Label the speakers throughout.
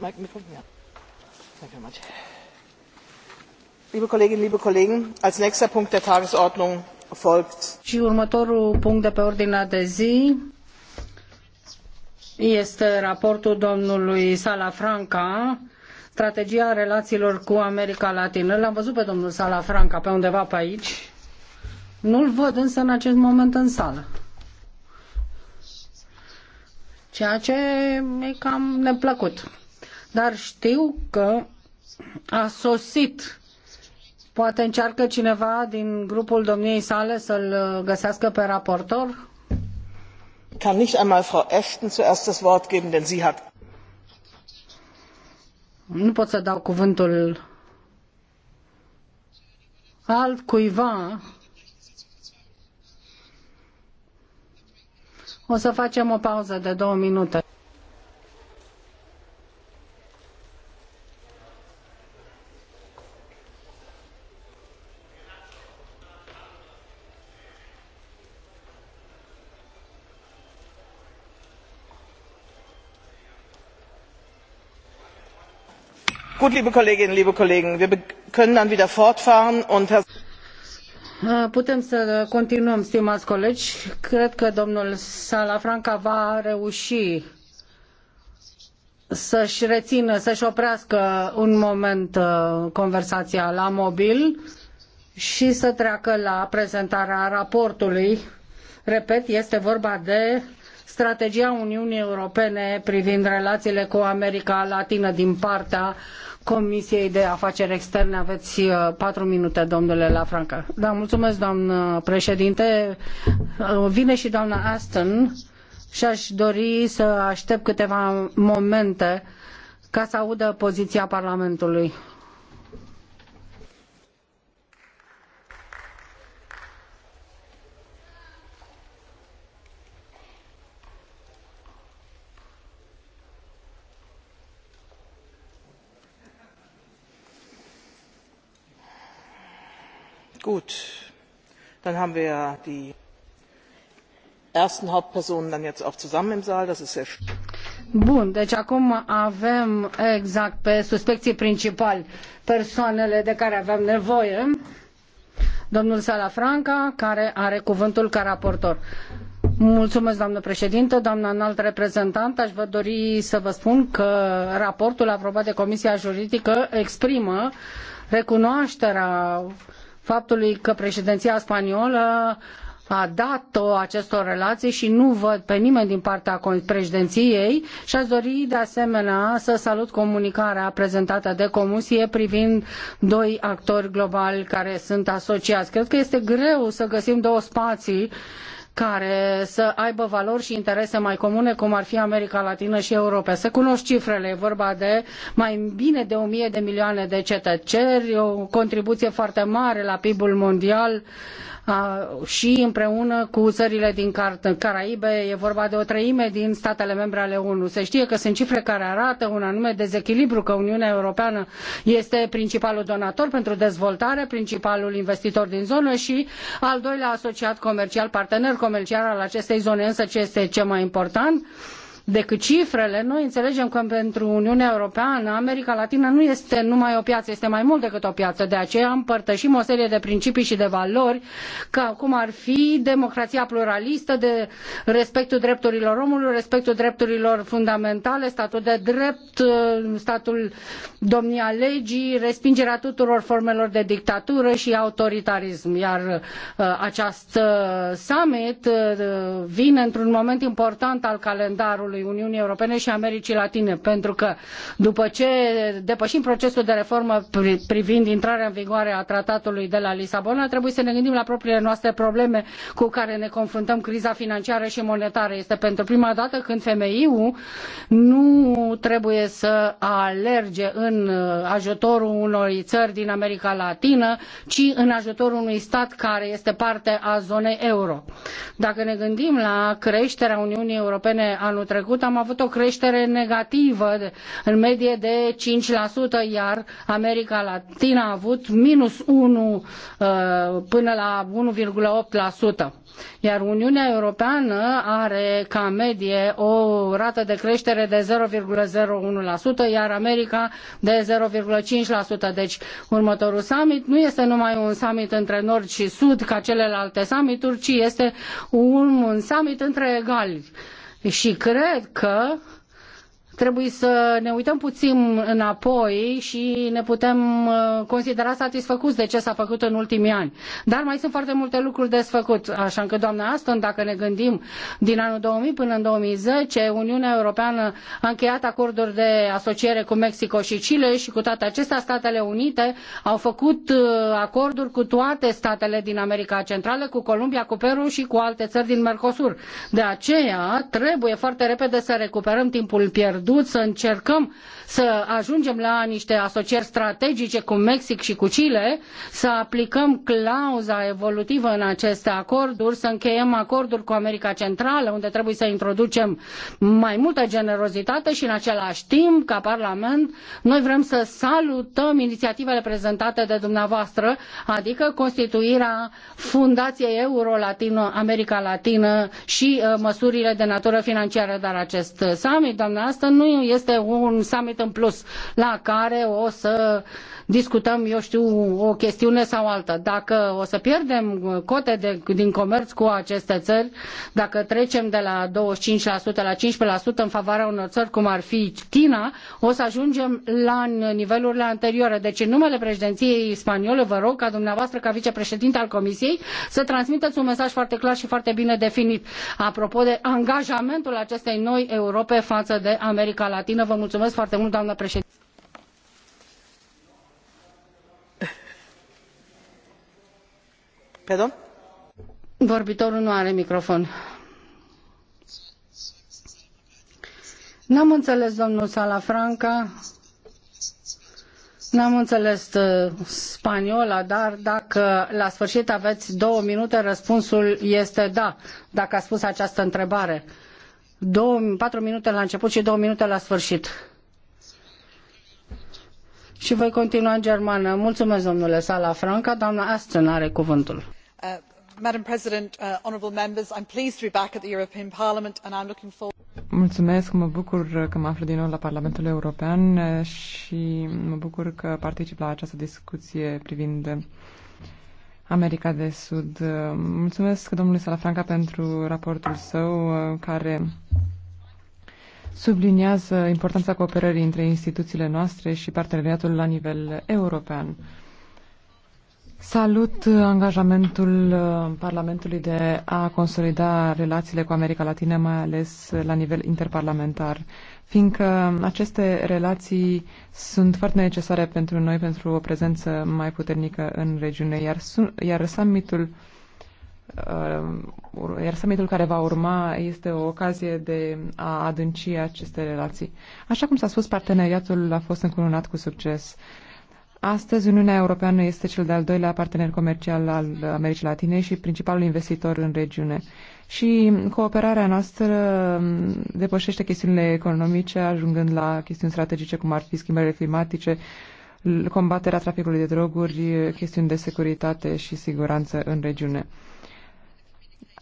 Speaker 1: Mike, Mikrofon, Thank you very much. Liebe Kolleginnen, liebe Kollegen, als nächster Punkt der Tagesordnung folgt. Și următorul
Speaker 2: punct de pe ordinea de zi este raportul domnului Sala Franca. strategia relațiilor cu America Latină. L-am văzut pe domnul Sala Franca, pe undeva pe aici. Nu-l văd însă în acest moment în sală. Ceea ce e cam neplăcut dar știu că a sosit. Poate încearcă cineva din grupul domniei sale să-l uh, găsească pe raportor?
Speaker 1: Kann nicht einmal Frau Ashton zuerst das Wort geben, denn sie hat.
Speaker 2: Nu pot să dau cuvântul alt cuiva. O să facem o pauză de două minute.
Speaker 1: Gut, liebe Kolleginnen, liebe Kollegen, wir können dann wieder fortfahren und Herr
Speaker 2: Putem să continuăm, stimați colegi. Cred că domnul Salafranca va reuși să-și rețină, să-și oprească un moment conversația la mobil și să treacă la prezentarea raportului. Repet, este vorba de strategia Uniunii Europene privind relațiile cu America Latină din partea Comisiei de Afaceri Externe. Aveți uh, patru minute, domnule Lafranca. Da, mulțumesc, doamnă președinte. Uh, vine și doamna Aston și aș dori să aștept câteva momente ca să audă poziția Parlamentului.
Speaker 1: gut dann haben wir die ersten hauptpersonen dann jetzt auch zusammen im saal das ist sehr schön.
Speaker 2: Bun, deci acum avem exact pe suspecții principali persoanele de care avem nevoie. Domnul Sala Franca, care are cuvântul ca raportor. Mulțumesc, doamnă președinte, doamnă înalt reprezentant. Aș vă dori să vă spun că raportul aprobat de Comisia Juridică exprimă recunoașterea faptului că preedinia spaniolă a dat-o acestor relații și nu văd pe nimeni din partea preediniei și a dori de asemenea să salut comunicarea prezentată de comisie privind doi actori globali care sunt asociați. Cred că este greu să găsim două spații care să aibă valori și interese mai comune, cum ar fi America Latină și Europa. Să cunosc cifrele, e vorba de mai bine de o mie de milioane de cetățeni, o contribuție foarte mare la PIB-ul mondial, și împreună cu țările din Caraibe, e vorba de o treime din statele membre ale ONU. Se știe că sunt cifre care arată un anume dezechilibru, că Uniunea Europeană este principalul donator pentru dezvoltare, principalul investitor din zonă și al doilea asociat comercial, partener comercial al acestei zone. Însă ce este ce mai important? decât cifrele, noi înțelegem că pentru Uniunea Europeană America Latină nu este numai o piață, este mai mult decât o piață. De aceea împărtășim o serie de principii și de valori, ca cum ar fi democrația pluralistă, de respectul drepturilor omului, respectul drepturilor fundamentale, statul de drept, statul domnia legii, respingerea tuturor formelor de dictatură și autoritarism. Iar uh, acest uh, summit uh, vine într-un moment important al calendarului viitorului Uniunii Europene și Americii Latine, pentru că după ce depășim procesul de reformă privind intrarea în vigoare a tratatului de la Lisabona, trebuie să ne gândim la propriile noastre probleme cu care ne confruntăm criza financiară și monetară. Este pentru prima dată când femeiul nu trebuie să alerge în ajutorul unor țări din America Latină, ci în ajutorul unui stat care este parte a zonei euro. Dacă ne gândim la creșterea Uniunii Europene anul trecut, trecut am avut o creștere negativă în medie de 5%, iar America Latina a avut minus 1 uh, până la 1,8%. Iar Uniunea Europeană are ca medie o rată de creștere de 0,01%, iar America de 0,5%. Deci următorul summit nu este numai un summit între nord și sud ca celelalte summituri, ci este un, un summit între egali și cred că Trebuie să ne uităm puțin înapoi și ne putem uh, considera satisfăcuți de ce s-a făcut în ultimii ani. Dar mai sunt foarte multe lucruri de făcut, așa încât, doamna Aston, dacă ne gândim din anul 2000 până în 2010, Uniunea Europeană a încheiat acorduri de asociere cu Mexico și Chile și cu toate acestea Statele Unite au făcut uh, acorduri cu toate statele din America Centrală, cu Columbia, cu Peru și cu alte țări din Mercosur. De aceea trebuie foarte repede să recuperăm timpul pierdut pierdut, să încercăm să ajungem la niște asocieri strategice cu Mexic și cu Chile, să aplicăm clauza evolutivă în aceste acorduri, să încheiem acorduri cu America Centrală, unde trebuie să introducem mai multă generozitate și în același timp, ca Parlament, noi vrem să salutăm inițiativele prezentate de dumneavoastră, adică constituirea Fundației Euro-Latino, America Latină și uh, măsurile de natură financiară, dar acest summit, doamna Aston, nu este un summit în plus la care o să discutăm, eu știu, o chestiune sau alta. Dacă o să pierdem cote de, din comerț cu aceste țări, dacă trecem de la 25% la 15% în favoarea unor țări cum ar fi China, o să ajungem la nivelurile anterioare. Deci în numele președinției spaniole vă rog ca dumneavoastră, ca vicepreședinte al Comisiei, să transmiteți un mesaj foarte clar și foarte bine definit. Apropo de angajamentul acestei noi Europe față de America Latină, vă mulțumesc foarte mult, doamnă președinte. Pardon? Vorbitorul nu are microfon. N-am înțeles, domnul Salafranca, n-am înțeles uh, spaniola, dar dacă la sfârșit aveți două minute, răspunsul este da, dacă a spus această întrebare. Două, patru minute la început și două minute la sfârșit. Și voi continua în germană. Mulțumesc, domnule Salafranca. Doamna Aston are cuvântul
Speaker 1: madam president uh, honourable members i am pleased to be back at the european parliament and i am looking
Speaker 3: forward. mă bucur că mă aflu din nou la Parlamentul European uh, și mă bucur că particip la această discuție privind America de Sud. Uh, mulțumesc domnului Salafranca pentru raportul său care subliniază importanța cooperării între instituțiile noastre și parteneriatul la nivel european. Salut uh, angajamentul uh, Parlamentului de a consolida relațiile cu America Latină, mai ales uh, la nivel interparlamentar, fiindcă aceste relații sunt foarte necesare pentru noi, pentru o prezență mai puternică în regiune, iar, iar summitul iar summitul care va urma este o ocazie de a adânci aceste relații. Așa cum s-a spus, parteneriatul a fost încununat cu succes. Astăzi, Uniunea Europeană este cel de-al doilea partener comercial al Americii Latine și principalul investitor în regiune. Și cooperarea noastră mm, depășește chestiunile economice, ajungând la chestiuni strategice, cum ar fi schimbările climatice, combaterea traficului de droguri, chestiuni de securitate și siguranță în regiune.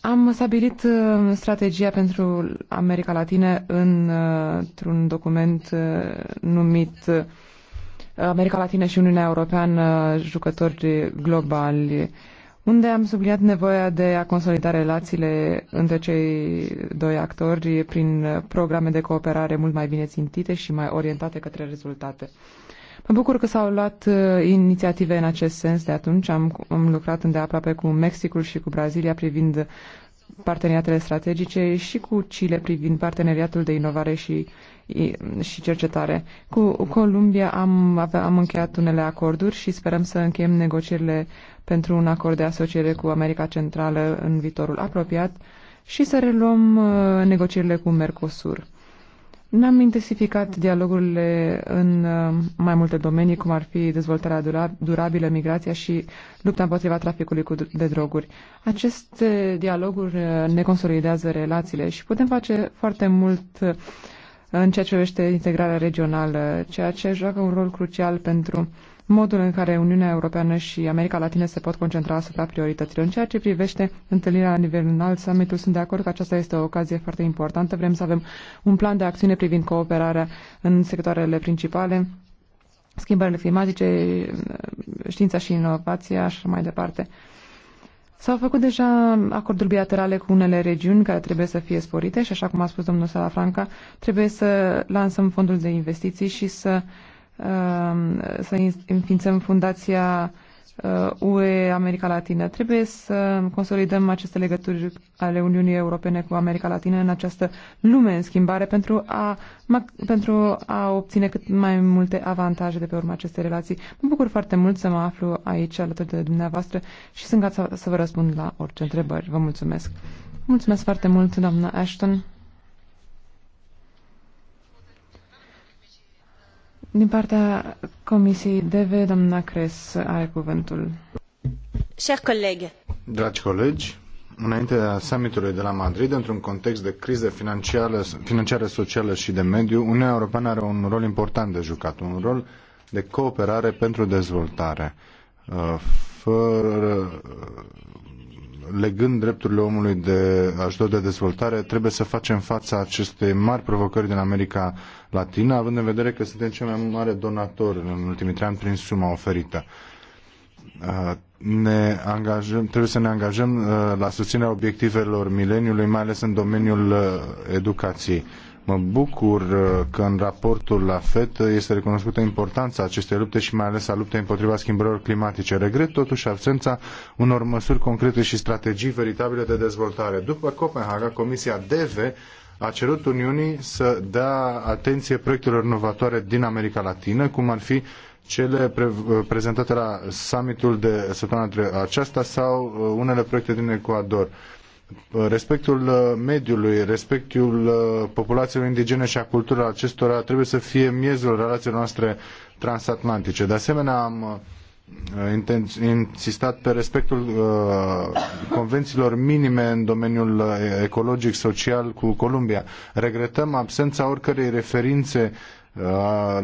Speaker 3: Am stabilit mm, strategia pentru America Latină într-un document mm, numit America Latină și Uniunea Europeană, jucători globali, unde am subliniat nevoia de a consolida relațiile între cei doi actori prin programe de cooperare mult mai bine țintite și mai orientate către rezultate. Mă bucur că s-au luat uh, inițiative în acest sens de atunci. Am, am lucrat îndeaproape cu Mexicul și cu Brazilia privind parteneriatele strategice și cu Chile privind parteneriatul de inovare și și cercetare. Cu Columbia am, am încheiat unele acorduri și sperăm să încheiem negocierile pentru un acord de asociere cu America Centrală în viitorul apropiat și să reluăm uh, negocierile cu Mercosur. Ne-am intensificat dialogurile în uh, mai multe domenii, cum ar fi dezvoltarea durabilă, migrația și lupta împotriva traficului de droguri. Aceste dialoguri uh, ne consolidează relațiile și putem face foarte mult în ceea ce privește integrarea regională, ceea ce joacă un rol crucial pentru modul în care Uniunea Europeană și America Latină se pot concentra asupra priorităților. În ceea ce privește întâlnirea la nivel înalt, summitul, sunt de acord că aceasta este o ocazie foarte importantă. Vrem să avem un plan de acțiune privind cooperarea în sectoarele principale, schimbările climatice, știința și inovația și mai departe. S-au făcut deja acorduri bilaterale cu unele regiuni care trebuie să fie sporite și, așa cum a spus domnul Salafranca, trebuie să lansăm fondul de investiții și să, um, să înființăm fundația UE uh, America Latină. Trebuie să consolidăm aceste legături ale Uniunii Europene cu America Latină în această lume în schimbare pentru a, pentru a obține cât mai multe avantaje de pe urma acestei relații. Mă bucur foarte mult să mă aflu aici alături de dumneavoastră și sunt gata să vă răspund la orice întrebări. Vă mulțumesc. Mulțumesc foarte mult, doamna Ashton. Din partea Comisiei DV, doamna Cres are cuvântul.
Speaker 4: Cher coleg.
Speaker 5: Dragi colegi, înainte de summitului de la Madrid, într-un context de criză financiară, financiară, socială și de mediu, Uniunea Europeană are un rol important de jucat, un rol de cooperare pentru dezvoltare. Uh, fără, legând drepturile omului de ajutor de dezvoltare, trebuie să facem fața acestei mari provocări din America Latină, având în vedere că suntem cel mai mare donator în ultimii trei ani prin suma oferită. Ne angajăm, trebuie să ne angajăm uh, la susținerea obiectivelor mileniului, mai ales în domeniul uh, educației Mă bucur uh, că în raportul la FET uh, este recunoscută importanța acestei lupte și mai ales a luptei împotriva schimbărilor climatice. Regret totuși absența unor măsuri concrete și strategii veritabile de dezvoltare. După Copenhaga, Comisia DEVE a cerut Uniunii să dea atenție proiectelor inovatoare din America Latină, cum ar fi cele pre uh, prezentate la summitul de săptămâna aceasta sau unele proiecte din Ecuador respectul uh, mediului, respectul uh, populațiilor indigene și a culturilor acestora trebuie să fie miezul relațiilor noastre transatlantice. De asemenea, am uh, insistat pe respectul uh, convențiilor minime în domeniul ecologic, social cu Columbia. Regretăm absența oricărei referințe uh,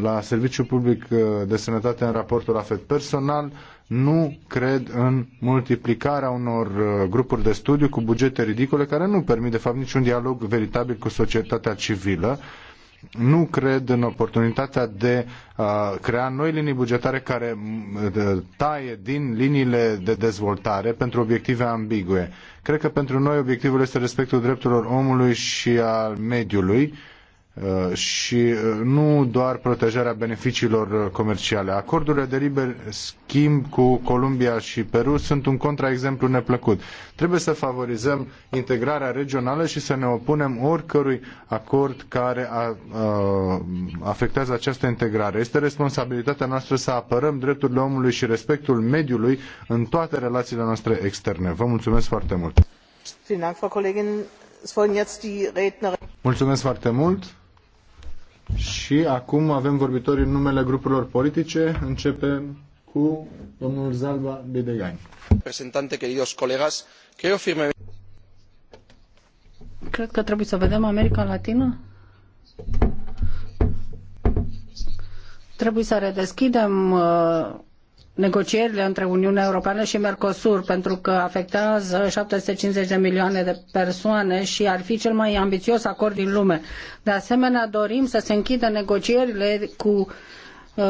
Speaker 5: la serviciul public de sănătate în raportul AFET. Personal, nu cred în multiplicarea unor uh, grupuri de studiu cu bugete ridicole care nu permit de fapt niciun dialog veritabil cu societatea civilă. Nu cred în oportunitatea de a crea noi linii bugetare care taie din liniile de dezvoltare pentru obiective ambigue. Cred că pentru noi obiectivul este respectul drepturilor omului și al mediului Uh, și uh, nu doar protejarea beneficiilor uh, comerciale. Acordurile de liber schimb cu Columbia și Peru sunt un contraexemplu neplăcut. Trebuie să favorizăm integrarea regională și să ne opunem oricărui acord care a, a, afectează această integrare. Este responsabilitatea noastră să apărăm drepturile omului și respectul mediului în toate relațiile noastre externe. Vă mulțumesc foarte mult! Mulțumesc foarte mult! Și acum avem vorbitori în numele grupurilor politice. Începem cu domnul
Speaker 2: Zalba Bidegain.
Speaker 5: Reprezentante, queridos colegas, creo firme...
Speaker 2: Cred că trebuie să vedem America Latină trebuie să redeschidem uh, negocierile între Uniunea Europeană și Mercosur, pentru că afectează 750 de milioane de persoane și ar fi cel mai ambițios acord din lume. De asemenea, dorim să se închidă negocierile cu uh,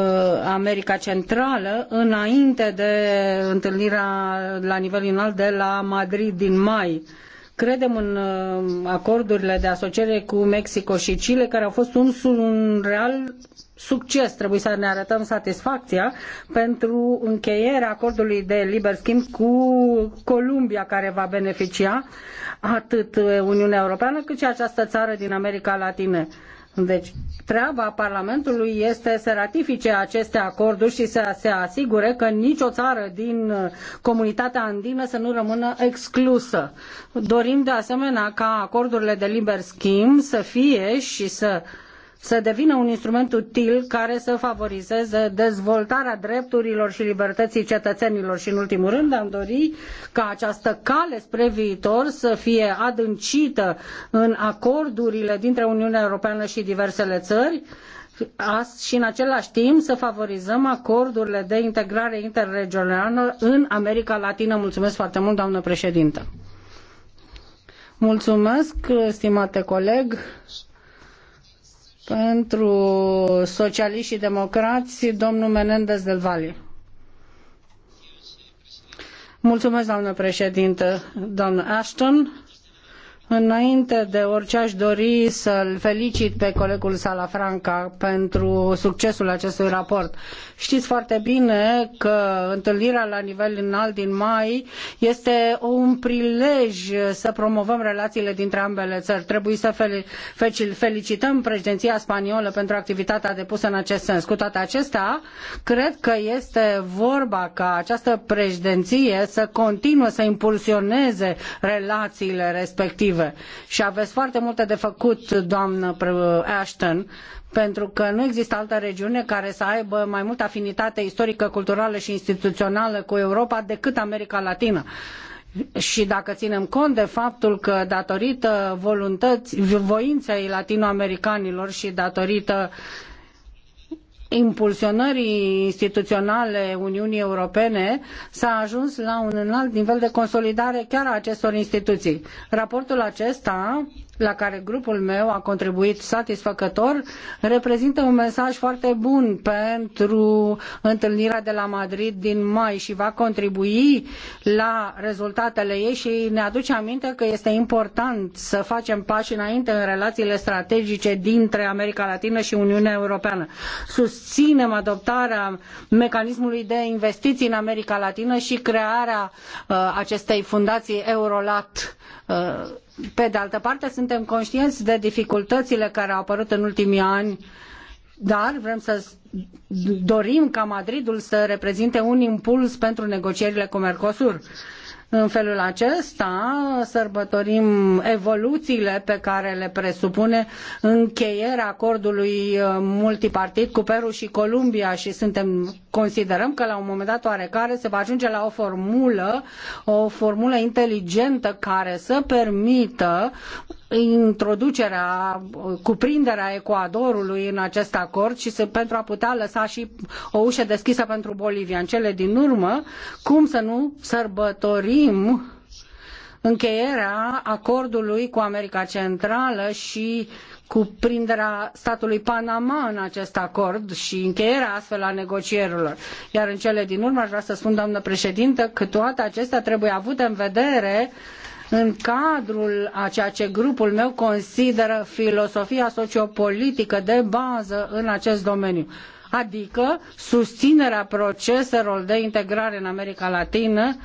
Speaker 2: America Centrală înainte de întâlnirea la nivel înalt de la Madrid din mai. Uh, Credem în uh, acordurile de asociere cu Mexico și Chile, care au fost un, un real succes. Trebuie să ne arătăm satisfacția pentru încheierea acordului de liber schimb cu Columbia, care va beneficia atât Uniunea Europeană cât și această țară din America Latină. Deci, treaba Parlamentului este să ratifice aceste acorduri și să se asigure că nicio țară din uh, comunitatea andină să nu rămână exclusă. Dorim de asemenea ca acordurile de liber schimb să fie și să uh, să devină un instrument util care să favorizeze dezvoltarea drepturilor și libertății cetățenilor. Și în ultimul rând am dori ca această cale spre viitor să fie adâncită în acordurile dintre Uniunea Europeană și diversele țări, și în același timp să favorizăm acordurile de integrare interregională în America Latină. Mulțumesc foarte mult, doamnă președintă. Mulțumesc, stimate coleg. Pentru socialiști și democrați, domnul Menendez del Valle. Mulțumesc, doamnă președintă, doamnă Ashton Înainte de orice aș dori să-l felicit pe colegul Salafranca pentru succesul acestui raport. Știți foarte bine că întâlnirea la nivel înalt din mai este un prilej să promovăm relațiile dintre ambele țări. Trebuie să felicităm președinția spaniolă pentru activitatea depusă în acest sens. Cu toate acestea, cred că este vorba ca această președinție să continue să impulsioneze relațiile respective pozitive. Și aveți foarte multe de făcut, doamnă Ashton, pentru că nu există altă regiune care să aibă mai multă afinitate istorică, culturală și instituțională cu Europa decât America Latină. Și dacă ținem cont de faptul că datorită voluntății, voinței latinoamericanilor și datorită uh, impulsionării instituționale Uniunii Europene s-a ajuns la un înalt nivel de consolidare chiar a acestor instituții. Raportul acesta la care grupul meu a contribuit satisfăcător, reprezintă un mesaj foarte bun pentru întâlnirea de la Madrid din mai și va contribui la rezultatele ei și ne aduce aminte că este important să facem pași înainte în relațiile strategice dintre America Latină și Uniunea Europeană. Susținem adoptarea mecanismului de investiții în America Latină și crearea uh, acestei fundații Eurolat uh, pe de altă parte, suntem conștienți de dificultățile care au apărut în ultimii ani dar vrem să dorim ca Madridul să reprezinte un impuls pentru negocierile cu Mercosur. În felul acesta sărbătorim evoluțiile pe care le presupune încheierea acordului uh, multipartit cu Peru și Columbia și suntem, considerăm că la un moment dat oarecare se va ajunge la o formulă, o formulă inteligentă care să permită introducerea, cuprinderea Ecuadorului în acest acord și să, pentru a putea lăsa și o ușă deschisă pentru Bolivia. În cele din urmă, cum să nu sărbătorim încheierea acordului cu America Centrală și cuprinderea statului Panama în acest acord și încheierea astfel a negocierilor. Iar în cele din urmă aș vrea să spun, doamnă președintă, că toate acestea trebuie avute în vedere uh, în cadrul a ceea ce grupul meu consideră filosofia sociopolitică de bază în acest domeniu adică susținerea proceselor de integrare în America Latină,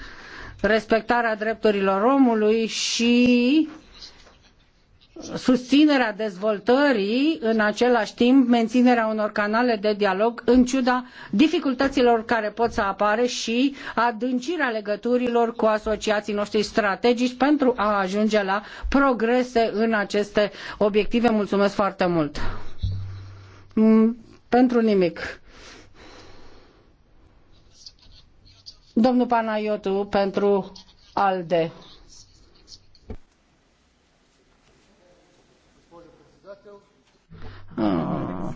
Speaker 2: respectarea drepturilor omului și susținerea dezvoltării, în același timp menținerea unor canale de dialog în ciuda dificultăților care pot să apară și adâncirea legăturilor cu asociații noștri strategici pentru a ajunge la progrese în aceste obiective. Mulțumesc foarte mult! Mm, pentru nimic. Domnul Panagiotu, pentru ALDE.
Speaker 1: Ah.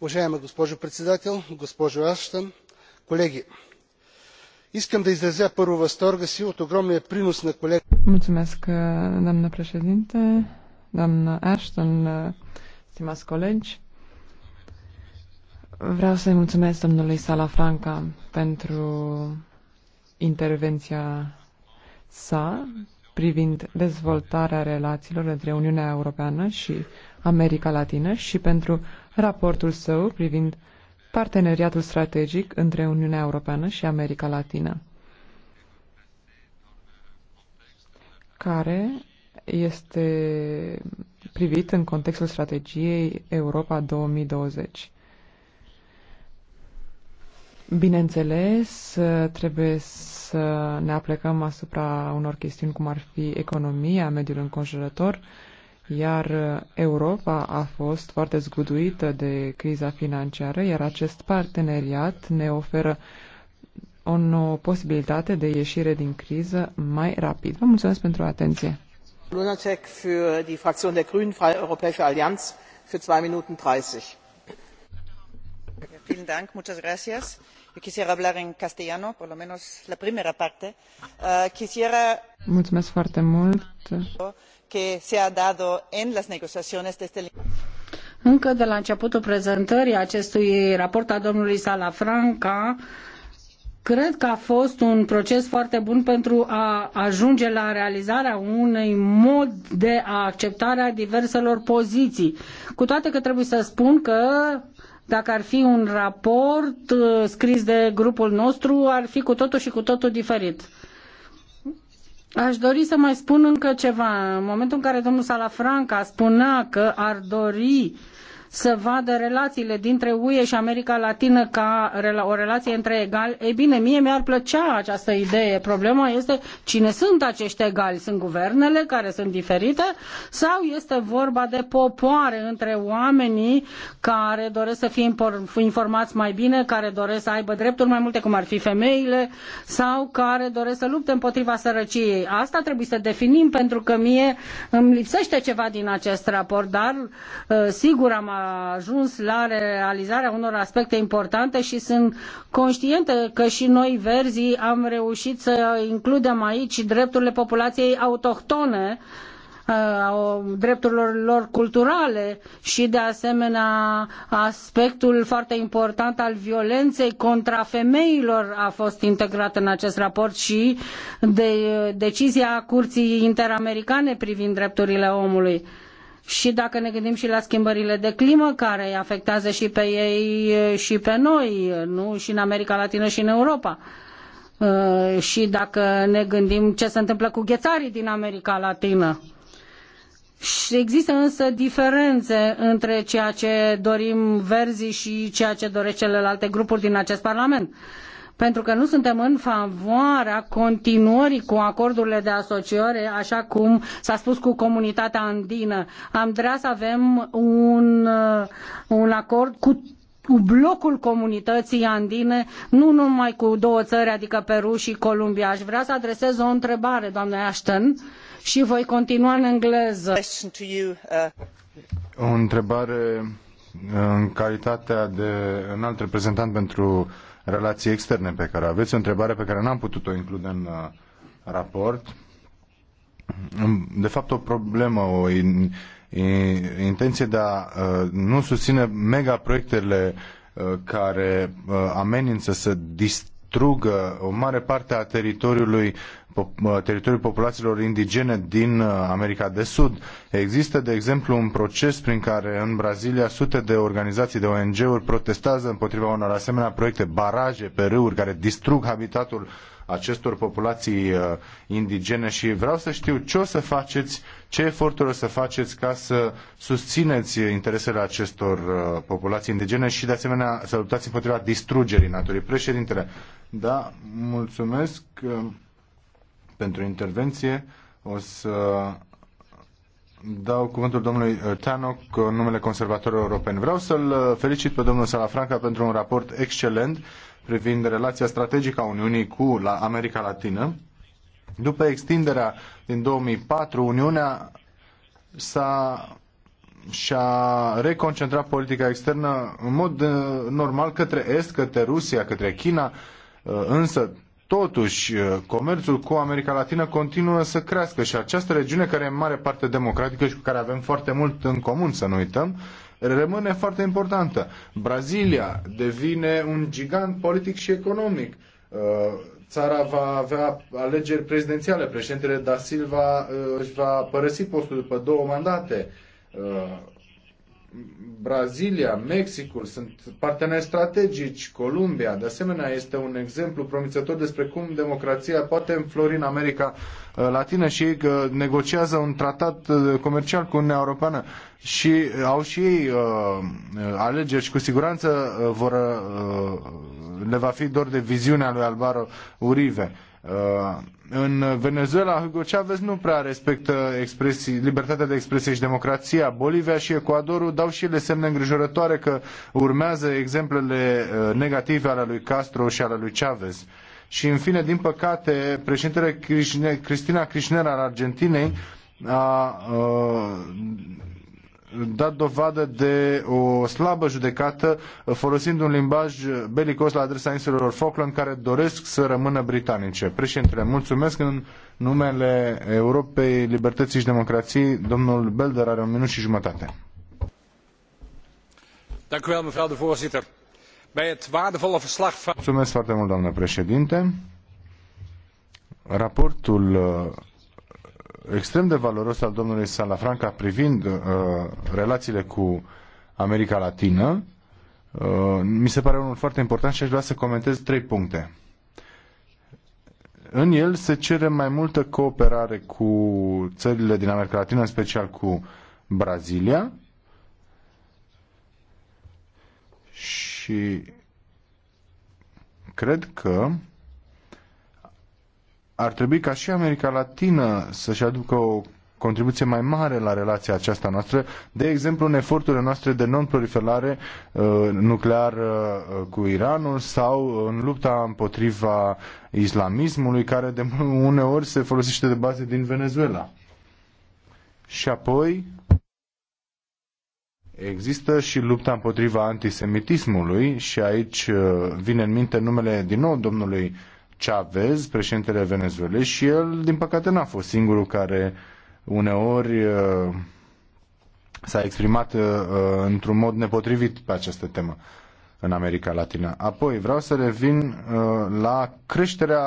Speaker 5: Уважаема госпожо председател, госпожо Аштън, колеги! Искам да изразя първо възторга си от огромния принос на колегите.
Speaker 3: Mulțumesc, doamnă președinte, doamnă Ashton, stimați colegi. Vreau să-i mulțumesc domnului Salafranca pentru intervenția sa privind dezvoltarea relațiilor între Uniunea Europeană și America Latină și pentru raportul său privind parteneriatul strategic între Uniunea Europeană și America Latină, care este privit în contextul strategiei Europa 2020. Bineînțeles, trebuie să ne aplecăm asupra unor chestiuni cum ar fi economia, mediul înconjurător, iar Europa a fost foarte zguduită de criza financiară, iar acest parteneriat ne oferă o nouă posibilitate de ieșire din criză mai rapid. Vă mulțumesc pentru atenție.
Speaker 1: Lunacek pentru fracțiunea de Grün, Grünen, Freie Europäische Allianz, pentru 2 minute 30 yo quisiera hablar en castellano por lo menos la primera parte. Eh, quisiera
Speaker 3: Mulțumesc foarte mult.
Speaker 4: que se ha dado en las negociaciones
Speaker 3: încă
Speaker 2: de la începutul prezentării acestui raport al domnului Salafranca, cred că a fost un proces foarte bun pentru a ajunge la realizarea unui mod de acceptare a diverselor poziții. Cu toate că trebuie să spun că dacă ar fi un raport uh, scris de grupul nostru, ar fi cu totul și cu totul diferit. Aș dori să mai spun încă ceva. În momentul în care domnul Salafranca spunea că ar dori uh, să vadă relațiile dintre UE și America Latină ca o relație între egali, ei bine, mie mi-ar plăcea această idee. Problema este cine sunt acești egali. Sunt guvernele care sunt diferite sau este vorba de popoare între oamenii care doresc să fie informați mai bine, care doresc să aibă drepturi mai multe, cum ar fi femeile, sau care doresc să lupte împotriva sărăciei. Asta trebuie să definim pentru că mie îmi lipsește ceva din acest raport, dar uh, sigur am ajuns la realizarea unor aspecte importante și sunt conștientă că și noi verzii am reușit să includem aici drepturile populației autohtone uh, drepturilor lor culturale și de asemenea aspectul foarte important al violenței contra femeilor a fost integrat în acest raport și de uh, decizia Curții Interamericane privind drepturile omului și dacă ne gândim și la schimbările de climă care îi afectează și pe ei și pe noi, nu? Și în America Latină și în Europa. Uh, și dacă ne gândim ce se întâmplă cu ghețarii din America Latină. Și există însă diferențe între ceea ce dorim verzii și ceea ce doresc celelalte grupuri din acest Parlament pentru că nu suntem în favoarea continuării cu acordurile de asociere, așa cum s-a spus cu comunitatea andină. Am vrea să avem un, uh, un acord cu cu blocul comunității andine, nu numai cu două țări, adică Peru și Columbia. Aș vrea să adresez o întrebare, doamne Ashton, și voi continua în engleză. Uh,
Speaker 5: o întrebare în calitatea de înalt reprezentant pentru relații externe pe care o aveți. O întrebare pe care n-am putut-o include în uh, raport. Mm, de fapt, o problemă, o intenție de a uh, nu susține megaproiectele uh, care amenință să dist distrugă o mare parte a teritoriului teritoriul populațiilor indigene din uh, America de Sud. Există, de exemplu, un proces prin care în Brazilia sute de organizații de ONG-uri protestează împotriva unor asemenea proiecte, baraje pe râuri care distrug habitatul acestor populații uh, indigene și vreau să știu ce o să faceți ce eforturi o să faceți ca să susțineți interesele acestor uh, populații indigene și de asemenea să luptați împotriva distrugerii naturii? Președintele, da, mulțumesc uh, pentru intervenție. O să dau cuvântul domnului uh, Tanoc, numele conservatorilor europeni. Vreau să-l felicit pe domnul Salafranca pentru un raport excelent privind relația strategică a Uniunii cu America Latină după extinderea din 2004, Uniunea s-a și-a reconcentrat politica externă în mod uh, normal către Est, către Rusia, către China, uh, însă Totuși, uh, comerțul cu America Latină continuă să crească și această regiune, care e în mare parte democratică și cu care avem foarte mult în comun, să nu uităm, rămâne foarte importantă. Brazilia devine un gigant politic și economic țara va avea alegeri prezidențiale. Președintele Da Silva uh, își va părăsi postul după două mandate. Uh, Brazilia, Mexicul sunt parteneri strategici, Columbia, de asemenea, este un exemplu promițător despre cum democrația poate înflori în America uh, Latină și ei uh, negociază un tratat uh, comercial cu Uniunea Europeană și au și ei alegeri și cu siguranță vor, le va fi dor de viziunea lui Alvaro Uribe Uh, în Venezuela, Hugo Chavez nu prea respectă expresii, libertatea de expresie și democrația. Bolivia și Ecuadorul dau și ele semne îngrijorătoare că urmează exemplele uh, negative ale lui Castro și ale lui Chavez. Și în fine, din păcate, președintele Cristina Kirchner al Argentinei a, a uh, dat dovadă de o slabă judecată folosind un limbaj belicos la adresa insulelor Falkland care doresc să rămână britanice. Președintele, mulțumesc în numele Europei Libertății și Democrației. Domnul Belder are un minut și jumătate. Mulțumesc foarte mult, președinte. Raportul extrem de valoros al domnului Salafranca privind uh, relațiile cu America Latină, uh, mi se pare unul foarte important și aș vrea să comentez trei puncte. În el se cere mai multă cooperare cu țările din America Latină, în special cu Brazilia și cred că ar trebui ca și America Latină să-și aducă o contribuție mai mare la relația aceasta noastră, de exemplu în eforturile noastre de non-proliferare uh, nuclear uh, cu Iranul sau în lupta împotriva islamismului, care de uneori se folosește de bază din Venezuela. Și apoi Există și lupta împotriva antisemitismului și aici uh, vine în minte numele din nou domnului Chavez, președintele Venezuela și el, din păcate, n-a fost singurul care uneori uh, s-a exprimat uh, uh, într-un mod nepotrivit pe această temă în America Latină. Apoi vreau să revin la creșterea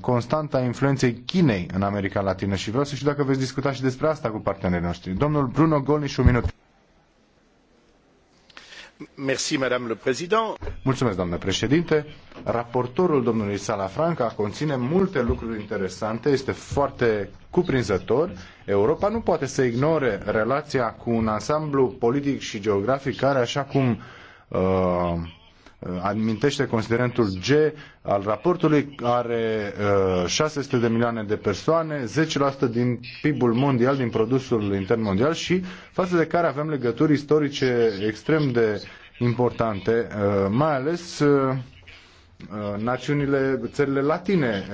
Speaker 5: constantă a influenței Chinei în America Latină și vreau să știu dacă veți discuta și despre asta cu partenerii noștri. Domnul Bruno Golniș, un minut. Mulțumesc, președinte. Raportorul domnului Salafranca conține multe lucruri interesante, este foarte cuprinzător. Europa nu poate să ignore relația cu un ansamblu politic și geografic care, așa cum uh, Uh, amintește considerentul G al raportului, are 600 uh, de milioane de persoane, 10% din PIB-ul mondial, din produsul intern mondial și față de care avem legături istorice extrem de importante, uh, mai ales națiunile, țările latine,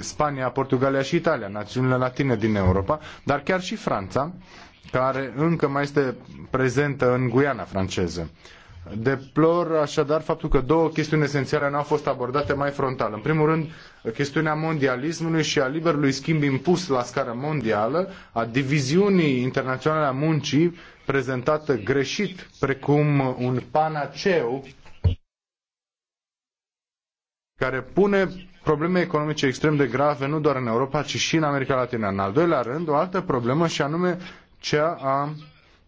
Speaker 5: Spania, Portugalia și Italia, națiunile latine din Europa, dar chiar și Franța, care încă mai este prezentă în Guiana franceză. Deplor așadar faptul că două chestiuni esențiale nu au fost abordate mai frontal. În primul rând, chestiunea mondialismului și a liberului schimb impus la scară mondială, a diviziunii internaționale a muncii prezentată greșit precum un panaceu care pune probleme economice extrem de grave nu doar în Europa, ci și în America Latină. În al doilea rând, o altă problemă și anume cea a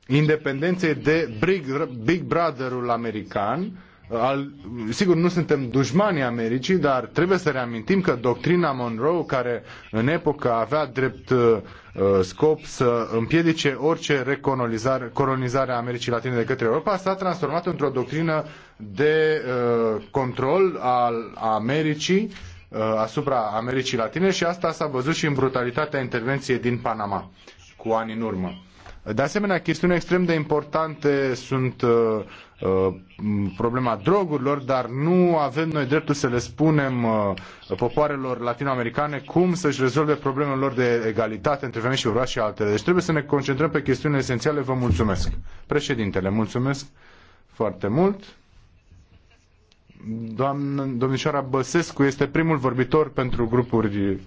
Speaker 5: independenței de Big, Brother-ul american. Al, sigur, nu suntem dușmanii Americii, dar trebuie să reamintim că doctrina Monroe, care în epocă avea drept uh, scop să împiedice orice colonizare a Americii Latine de către Europa, s-a transformat într-o doctrină de uh, control al Americii uh, asupra Americii Latine și asta s-a văzut și în brutalitatea intervenției din Panama cu ani în urmă. De asemenea, chestiuni extrem de importante sunt uh, uh, problema drogurilor, dar nu avem noi dreptul să le spunem uh, popoarelor latinoamericane cum să-și rezolve problemele lor de egalitate între femei și bărbați și altele. Deci trebuie să ne concentrăm pe chestiunile esențiale. Vă mulțumesc. Președintele, mulțumesc foarte mult. Doamnă, domnișoara Băsescu este primul vorbitor pentru grupuri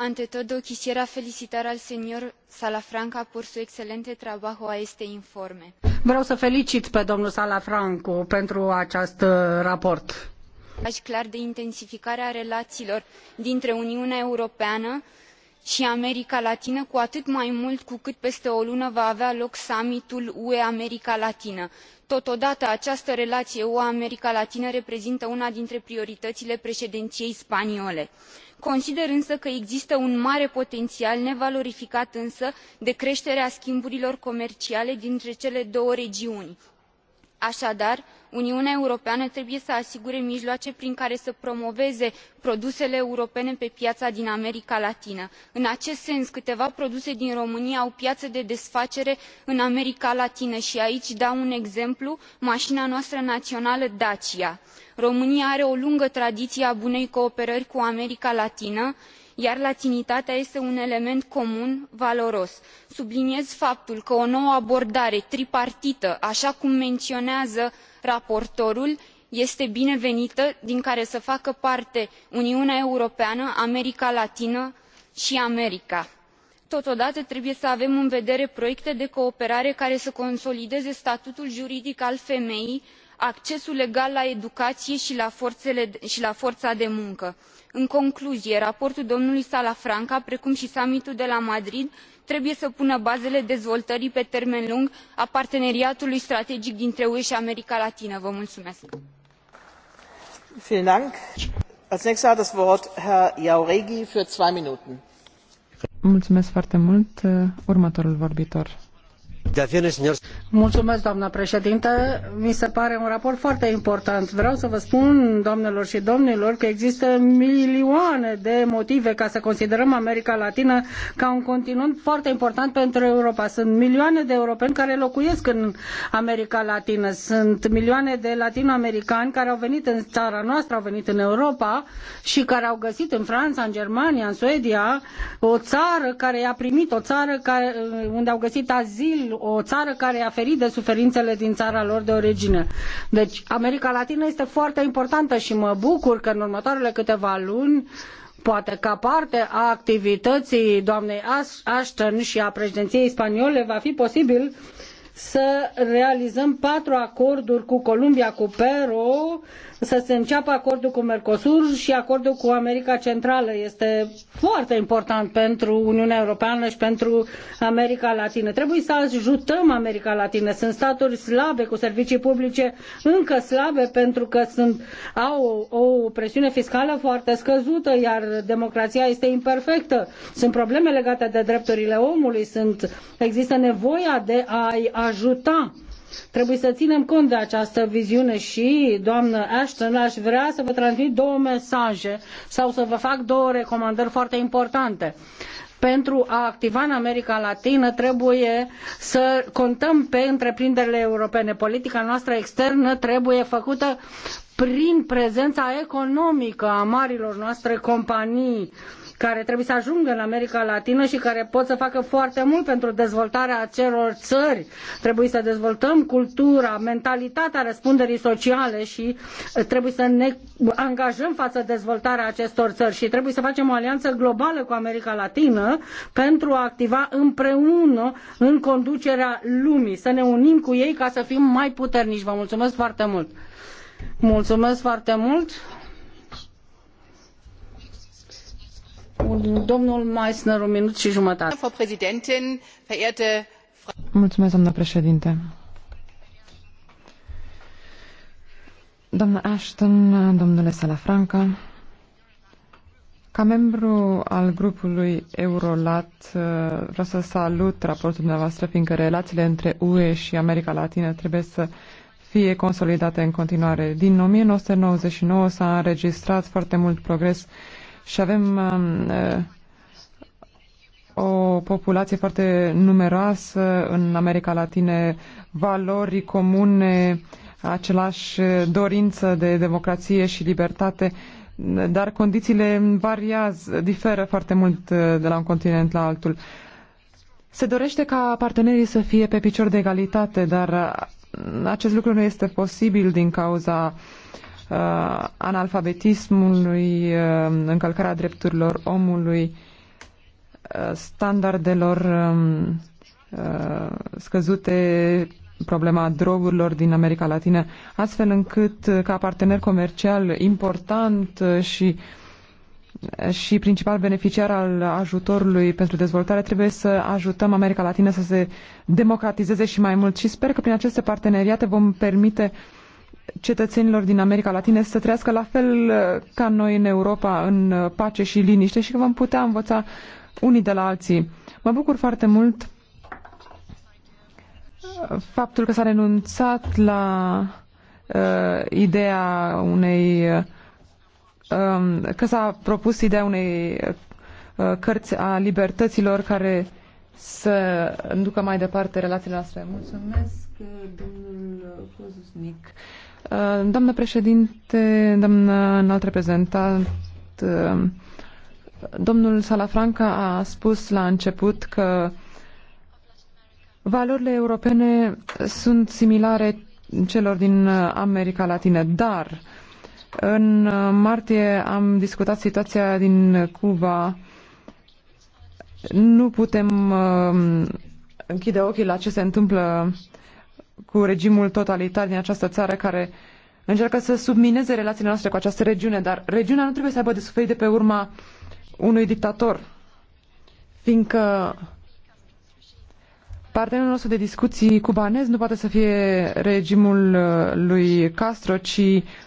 Speaker 6: ante todo quisiera felicitar al señor salafranca por su excelente trabajo a este informe.
Speaker 2: vreau să felicit pe domnul salafranca pentru acest uh, raport.
Speaker 6: mesaj clar de intensificare a relaiilor dintre uniunea europeană i america latină cu atât mai mult cu cât peste o lună va avea loc summitul ue america latină totodată această relaie ue america latină reprezintă una dintre priorităile preediniei spaniole. consider însă că există un mare potenial nevalorificat însă de creterea a schimburilor comerciale dintre cele două regiuni. aadar uniunea europeană trebuie să asigure mijloace prin care să promoveze produsele europene pe piaa din america latină. în acest sens câteva produse din românia au piaă de desfacere în america latină i aici dau un exemplu maina noastră naională dacia. românia are o lungă tradiie a bunei cooperări cu america latină i iar latinitatea este un element comun valoros. subliniez faptul că o nouă abordare tripartită aa cum menionează raportorul este binevenită din care să facă parte uniunea europeană america latină i america. totodată trebuie să avem în vedere proiecte de cooperare care să consolideze statutul juridic al femeii accesul egal la educaie i la fora de muncă. în concluzie raportul domnului salafranca precum i summitul de la madrid trebuie să pună bazele dezvoltării pe termen lung a parteneriatului strategic dintre ue i america latină. vă
Speaker 3: Mulțumesc foarte mult. Următorul vorbitor
Speaker 1: doamnă doamna
Speaker 2: președinte. Mi se pare un raport foarte important. Vreau să vă spun, doamnelor și domnilor, că există milioane de motive ca să considerăm America Latină ca un continent foarte important pentru Europa. Sunt milioane de europeni care locuiesc în America Latină. Sunt milioane de latinoamericani care au venit în țara noastră, au venit în Europa și care au găsit în Franța, în Germania, în Suedia o țară care i-a primit, o țară care, unde au găsit azil, o țară care i-a ferit de suferințele din țara lor de origine. Deci America Latină este foarte importantă și mă bucur că în următoarele câteva luni poate ca parte a activității doamnei Ashton și a președinției spaniole va fi posibil uh, să realizăm patru acorduri cu Columbia, cu Peru, să se înceapă acordul cu Mercosur și acordul cu America Centrală. Este foarte important pentru Uniunea Europeană și pentru America Latină. Trebuie să ajutăm America Latină. Sunt staturi slabe cu servicii publice încă slabe pentru că sunt, au o, o presiune fiscală foarte scăzută, iar democrația este imperfectă. Sunt probleme legate de drepturile omului, sunt, există nevoia de a-i ajuta. Trebuie să ținem cont de această viziune și, doamnă Ashton, aș vrea să vă transmit două mesaje sau să vă fac două recomandări foarte importante pentru a activa în America Latină trebuie să contăm pe întreprinderile europene. Politica noastră externă trebuie făcută prin prezența economică a marilor noastre companii care trebuie să ajungă în America Latină și care pot să facă foarte mult pentru dezvoltarea acelor țări. Trebuie să dezvoltăm cultura, mentalitatea răspunderii sociale și uh, trebuie să ne angajăm față dezvoltarea acestor țări și trebuie să facem o alianță globală cu America Latină pentru a activa împreună în conducerea lumii, să ne unim cu ei ca să fim mai puternici. Vă mulțumesc foarte mult! Mulțumesc foarte mult! doamnă
Speaker 3: președinte. Doamnă Ashton, domnule Salafranca, ca membru al grupului Eurolat, uh, vreau să salut raportul dumneavoastră, fiindcă relațiile între UE și America Latină trebuie să fie consolidate în continuare. Din 1999 s-a înregistrat foarte mult progres și avem um, uh, o populație foarte numeroasă în America Latine, valori comune, același dorință de democrație și libertate, dar condițiile variază, diferă foarte mult uh, de la un continent la altul. Se dorește ca partenerii să fie pe picior de egalitate, dar uh, acest lucru nu este posibil din cauza uh, uh, analfabetismului, uh, încălcarea drepturilor omului, uh, standardelor uh, uh, scăzute, problema drogurilor din America Latină, astfel încât uh, ca partener comercial important uh, și și principal beneficiar al ajutorului pentru dezvoltare trebuie să ajutăm America Latină să se democratizeze și mai mult și sper că prin aceste parteneriate vom permite uh, cetățenilor din America Latină să trăiască la fel uh, ca noi în Europa, în uh, pace și liniște și că vom putea învăța unii de la alții. Mă bucur foarte mult uh, faptul că s-a renunțat la uh, ideea unei um, că s-a propus ideea unei cărți a libertăților care să înducă mai departe relațiile noastre. Mulțumesc, domnul Cozusnic. Uh, doamnă președinte, doamnă înalt reprezentant, uh, domnul Salafranca a spus la început că valorile europene sunt similare celor din America Latină, dar în martie am discutat situația din Cuba. Nu putem uh, închide ochii la ce se întâmplă cu regimul totalitar din această țară care încearcă să submineze relațiile noastre cu această regiune, dar regiunea nu trebuie să aibă de suferit de pe urma unui dictator, fiindcă partenerul nostru de discuții cubanez nu poate să fie regimul uh, lui Castro, ci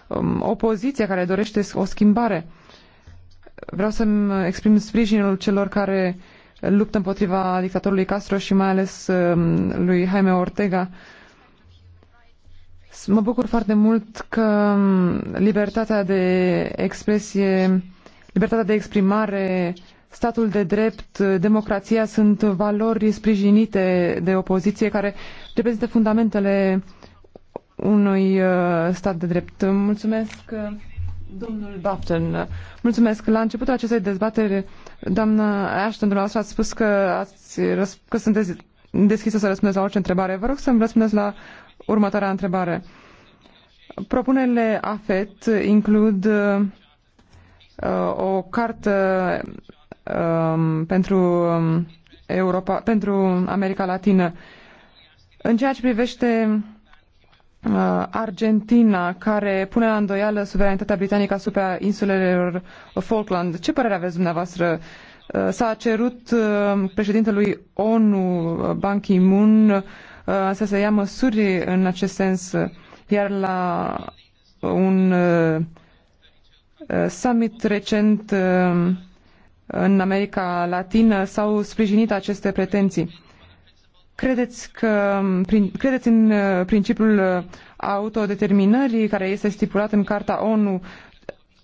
Speaker 3: um, opoziția care dorește o schimbare. Vreau să-mi exprim sprijinul celor care luptă împotriva dictatorului Castro și mai ales um, lui Jaime Ortega, uh, Mă bucur foarte mult că libertatea de expresie, libertatea de exprimare, statul de drept, democrația sunt valori sprijinite de opoziție care reprezintă fundamentele unui uh, stat de drept. Mulțumesc, domnul Bafton. Mulțumesc. La începutul acestei dezbateri, doamna Ashton, dumneavoastră ați spus că, ați, că sunteți deschisă să răspundeți la orice întrebare. Vă rog să-mi răspundeți la următoarea întrebare. Propunerile AFET includ uh, o cartă um, pentru um, Europa, pentru America Latină. În ceea ce privește uh, Argentina, care pune la îndoială suveranitatea britanică asupra insulelor Falkland. Ce părere aveți dumneavoastră? Uh, s-a cerut președintelui ONU, Ban Ki-moon, Uh, să se ia măsuri în acest sens, iar la un uh, summit recent uh, în America Latină s-au sprijinit aceste pretenții. Credeți, că, prin, credeți în principiul autodeterminării care este stipulat în Carta ONU?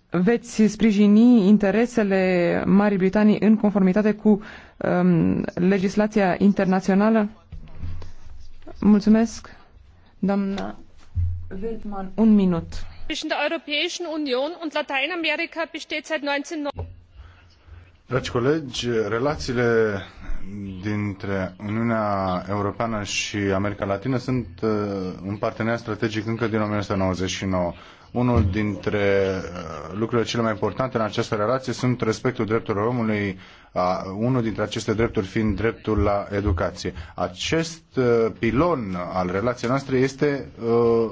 Speaker 3: Veți sprijini interesele Marii Britanii în conformitate cu um, legislația internațională? Mulțumesc, doamna Wildman, un minut.
Speaker 7: Zwischen der Europäischen Union und Lateinamerika besteht seit 1990.
Speaker 5: Dragi colegi, relațiile dintre Uniunea Europeană și America Latină sunt uh, un partener strategic încă din 1999. Unul dintre uh, lucrurile cele mai importante în această relație sunt respectul drepturilor omului, unul dintre aceste drepturi fiind dreptul la educație. Acest uh, pilon al relației noastre este uh,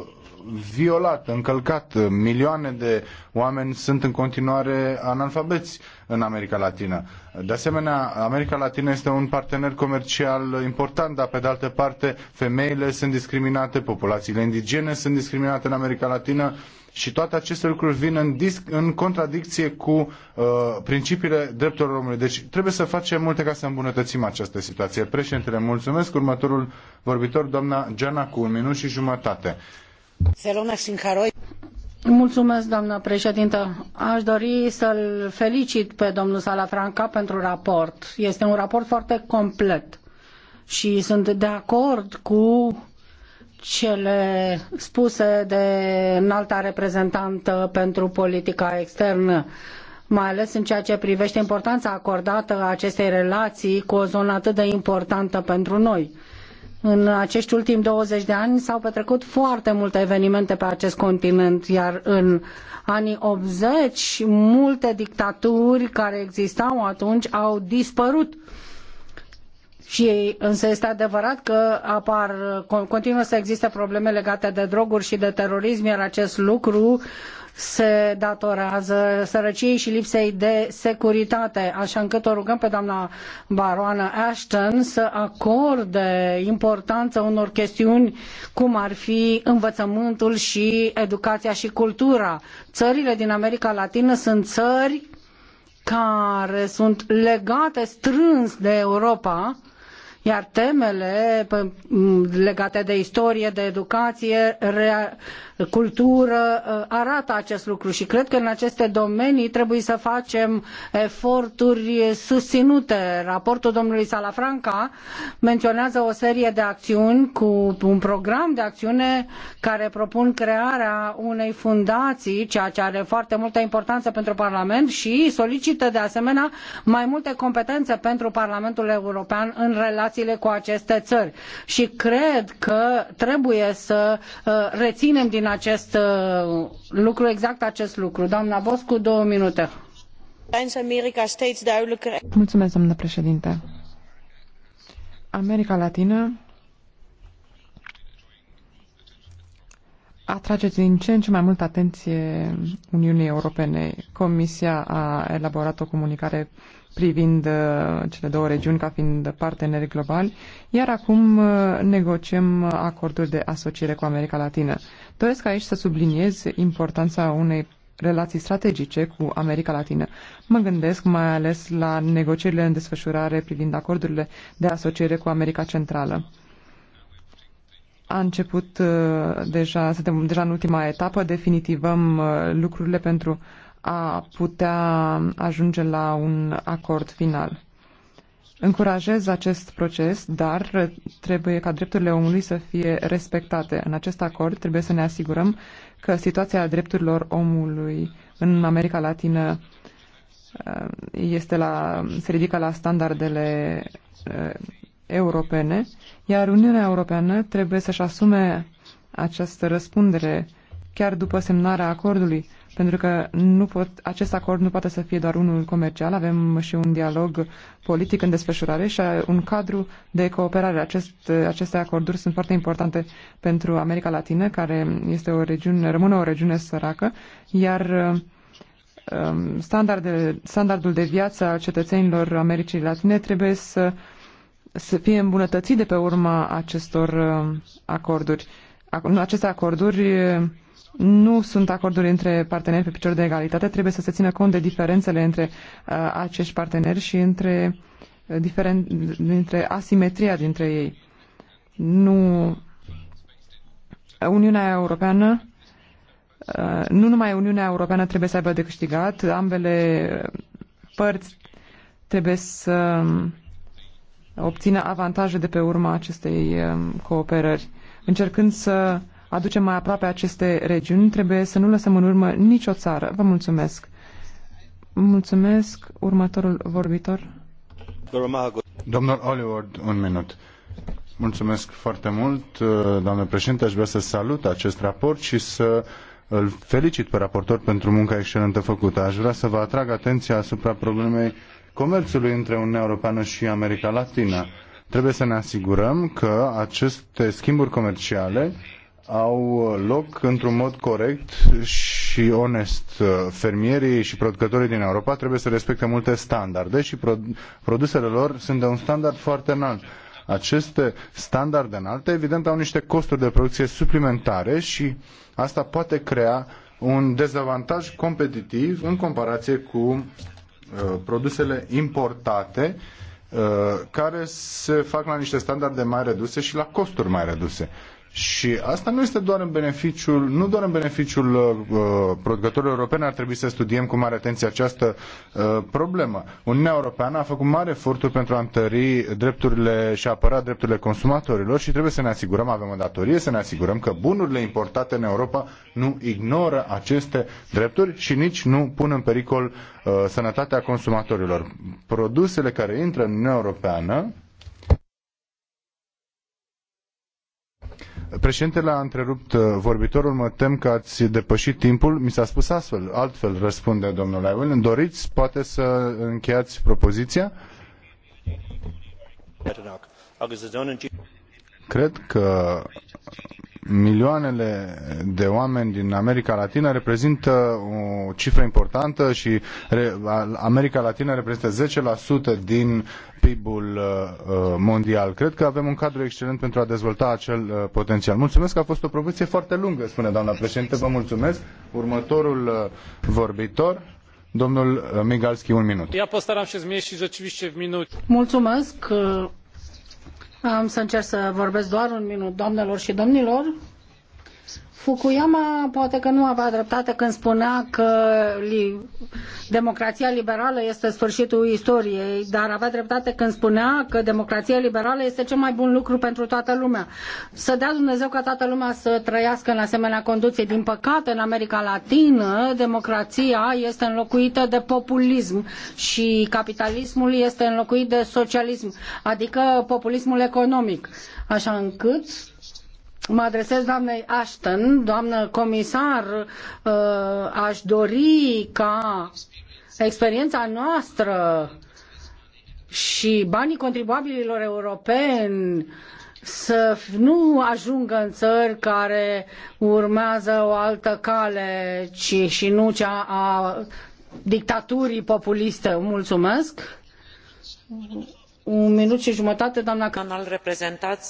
Speaker 5: violat, încălcat. Milioane de oameni sunt în continuare analfabeți în America Latină. De asemenea, America Latină este un partener comercial important, dar pe de altă parte femeile sunt discriminate, populațiile indigene sunt discriminate în America Latină și toate aceste lucruri vin în, disc, în contradicție cu uh, principiile drepturilor omului. Deci trebuie să facem multe ca să îmbunătățim această situație. Președintele, mulțumesc. Următorul vorbitor, doamna Geana, cu un minut și jumătate.
Speaker 2: Mulțumesc, doamnă președintă. Aș dori să-l felicit pe domnul Salafranca pentru raport. Este un raport foarte complet și sunt de acord cu cele spuse de înalta reprezentantă pentru politica externă, mai ales în ceea ce privește importanța acordată acestei relații cu o zonă atât de importantă pentru noi. În acești ultimi 20 de ani s-au petrecut foarte multe evenimente pe acest continent, iar în anii 80 multe dictaturi care existau atunci au dispărut. Uh, și însă este adevărat că apar, continuă să existe probleme legate de droguri și de terorism, iar acest lucru se datorează sărăciei și lipsei de securitate, așa încât o rugăm pe doamna baroană Ashton să acorde importanță unor chestiuni cum ar fi învățământul și educația și cultura. Țările din America Latină sunt țări care sunt legate strâns de Europa, iar temele legate de istorie, de educație, cultură uh, arată acest lucru și cred că în aceste domenii trebuie să facem eforturi susținute. Raportul domnului Salafranca menționează o serie de acțiuni cu un program de acțiune care propun crearea unei fundații, ceea ce are foarte multă importanță pentru Parlament și solicită de asemenea mai multe competențe pentru Parlamentul European în relațiile cu aceste țări. Și cred că trebuie să uh, reținem din în acest uh, lucru, exact acest lucru. Doamna Boscu, două minute.
Speaker 3: Mulțumesc, doamnă președinte. America Latină atrage din ce în ce mai mult atenție Uniunii Europene. Comisia a elaborat o comunicare privind uh, cele două regiuni ca fiind parteneri globali, iar acum uh, negociem uh, acorduri de asociere cu America Latină. Doresc aici să subliniez importanța unei relații strategice cu America Latină. Mă gândesc mai ales la negocierile în desfășurare privind acordurile de asociere cu America Centrală. A început deja, suntem deja în ultima etapă, definitivăm lucrurile pentru uh, a putea ajunge la un acord final. Încurajez acest proces, dar trebuie ca drepturile omului să fie respectate. În acest acord trebuie să ne asigurăm că situația drepturilor omului în America Latină uh, este la, se ridică la standardele uh, europene, iar Uniunea Europeană trebuie să-și asume această răspundere chiar după semnarea acordului, pentru că nu pot, acest acord nu poate să fie doar unul comercial, avem și un dialog politic în desfășurare și un cadru de cooperare. Acest, aceste acorduri sunt foarte importante pentru America Latină, care este o regiune, rămâne o regiune săracă, iar um, standardul standardul de viață al cetățenilor Americii Latine trebuie să, să fie îmbunătățit de pe urma acestor um, acorduri. Aceste acorduri nu sunt acorduri între parteneri pe picior de egalitate, trebuie să se țină cont de diferențele între uh, acești parteneri și între, uh, diferen, între asimetria dintre ei. Nu Uniunea Europeană uh, nu numai Uniunea Europeană trebuie să aibă de câștigat, ambele părți trebuie să um, obțină avantaje de pe urma acestei um, cooperări, încercând să uh, aducem mai aproape aceste regiuni, trebuie să nu lăsăm în urmă nicio țară. Vă mulțumesc. Mulțumesc. Următorul vorbitor.
Speaker 5: Domnul Oliver, un minut. Mulțumesc foarte mult, doamnă președinte. Aș vrea să salut acest raport și să îl felicit pe raportor pentru munca excelentă făcută. Aș vrea să vă atrag atenția asupra problemei comerțului între Uniunea Europeană și America Latină. Trebuie să ne asigurăm că aceste schimburi comerciale au uh, loc într-un mod corect și onest. Uh, fermierii și producătorii din Europa trebuie să respecte multe standarde și produsele lor sunt de un standard foarte înalt. Aceste standarde înalte, evident, au niște costuri de producție suplimentare și asta poate crea un dezavantaj competitiv în comparație cu uh, produsele importate care se fac la niște standarde mai reduse și la costuri mai reduse. Și asta nu este doar în beneficiul, nu doar în beneficiul uh, producătorilor europeni, ar trebui să studiem cu mare atenție această uh, problemă. Uniunea Europeană a făcut mare eforturi pentru a întări drepturile și a apăra drepturile consumatorilor și trebuie să ne asigurăm, avem o datorie să ne asigurăm că bunurile importate în Europa nu ignoră aceste drepturi și nici nu pun în pericol uh, sănătatea consumatorilor. Produsele care intră în Uniunea Europeană Președintele a întrerupt uh, vorbitorul, mă tem că ați depășit timpul. Mi s-a spus astfel, altfel răspunde domnul Lewin. Doriți, poate să încheiați propoziția? Cred că milioanele de oameni din America Latina reprezintă o cifră importantă și America Latina reprezintă 10% din PIB-ul uh, uh, mondial. Cred că avem un cadru excelent pentru a dezvolta acel uh, potențial. Mulțumesc că a fost o propoziție foarte lungă, spune doamna președinte. Vă mulțumesc. Următorul vorbitor. Domnul Migalski, un minut. Ja postaram się zmieścić rzeczywiście w minut.
Speaker 2: Mulțumesc. Am să încerc să vorbesc doar un minut, doamnelor și domnilor. Fukuyama poate că nu avea dreptate când spunea că li, democrația liberală este sfârșitul istoriei, dar avea dreptate când spunea că democrația liberală este cel mai bun lucru pentru toată lumea. Să dea Dumnezeu ca toată lumea să trăiască în asemenea conduție. Din păcate, în America Latină, democrația este înlocuită de populism și capitalismul este înlocuit de socialism, adică populismul economic. Așa încât Mă adresez doamnei Ashton, doamnă comisar, uh, aș dori ca experiența noastră și banii contribuabililor europeni să nu ajungă în țări care urmează o altă cale ci, și nu cea a dictaturii populiste. Mulțumesc! un minut și jumătate,
Speaker 7: doamna Înalt reprezentat,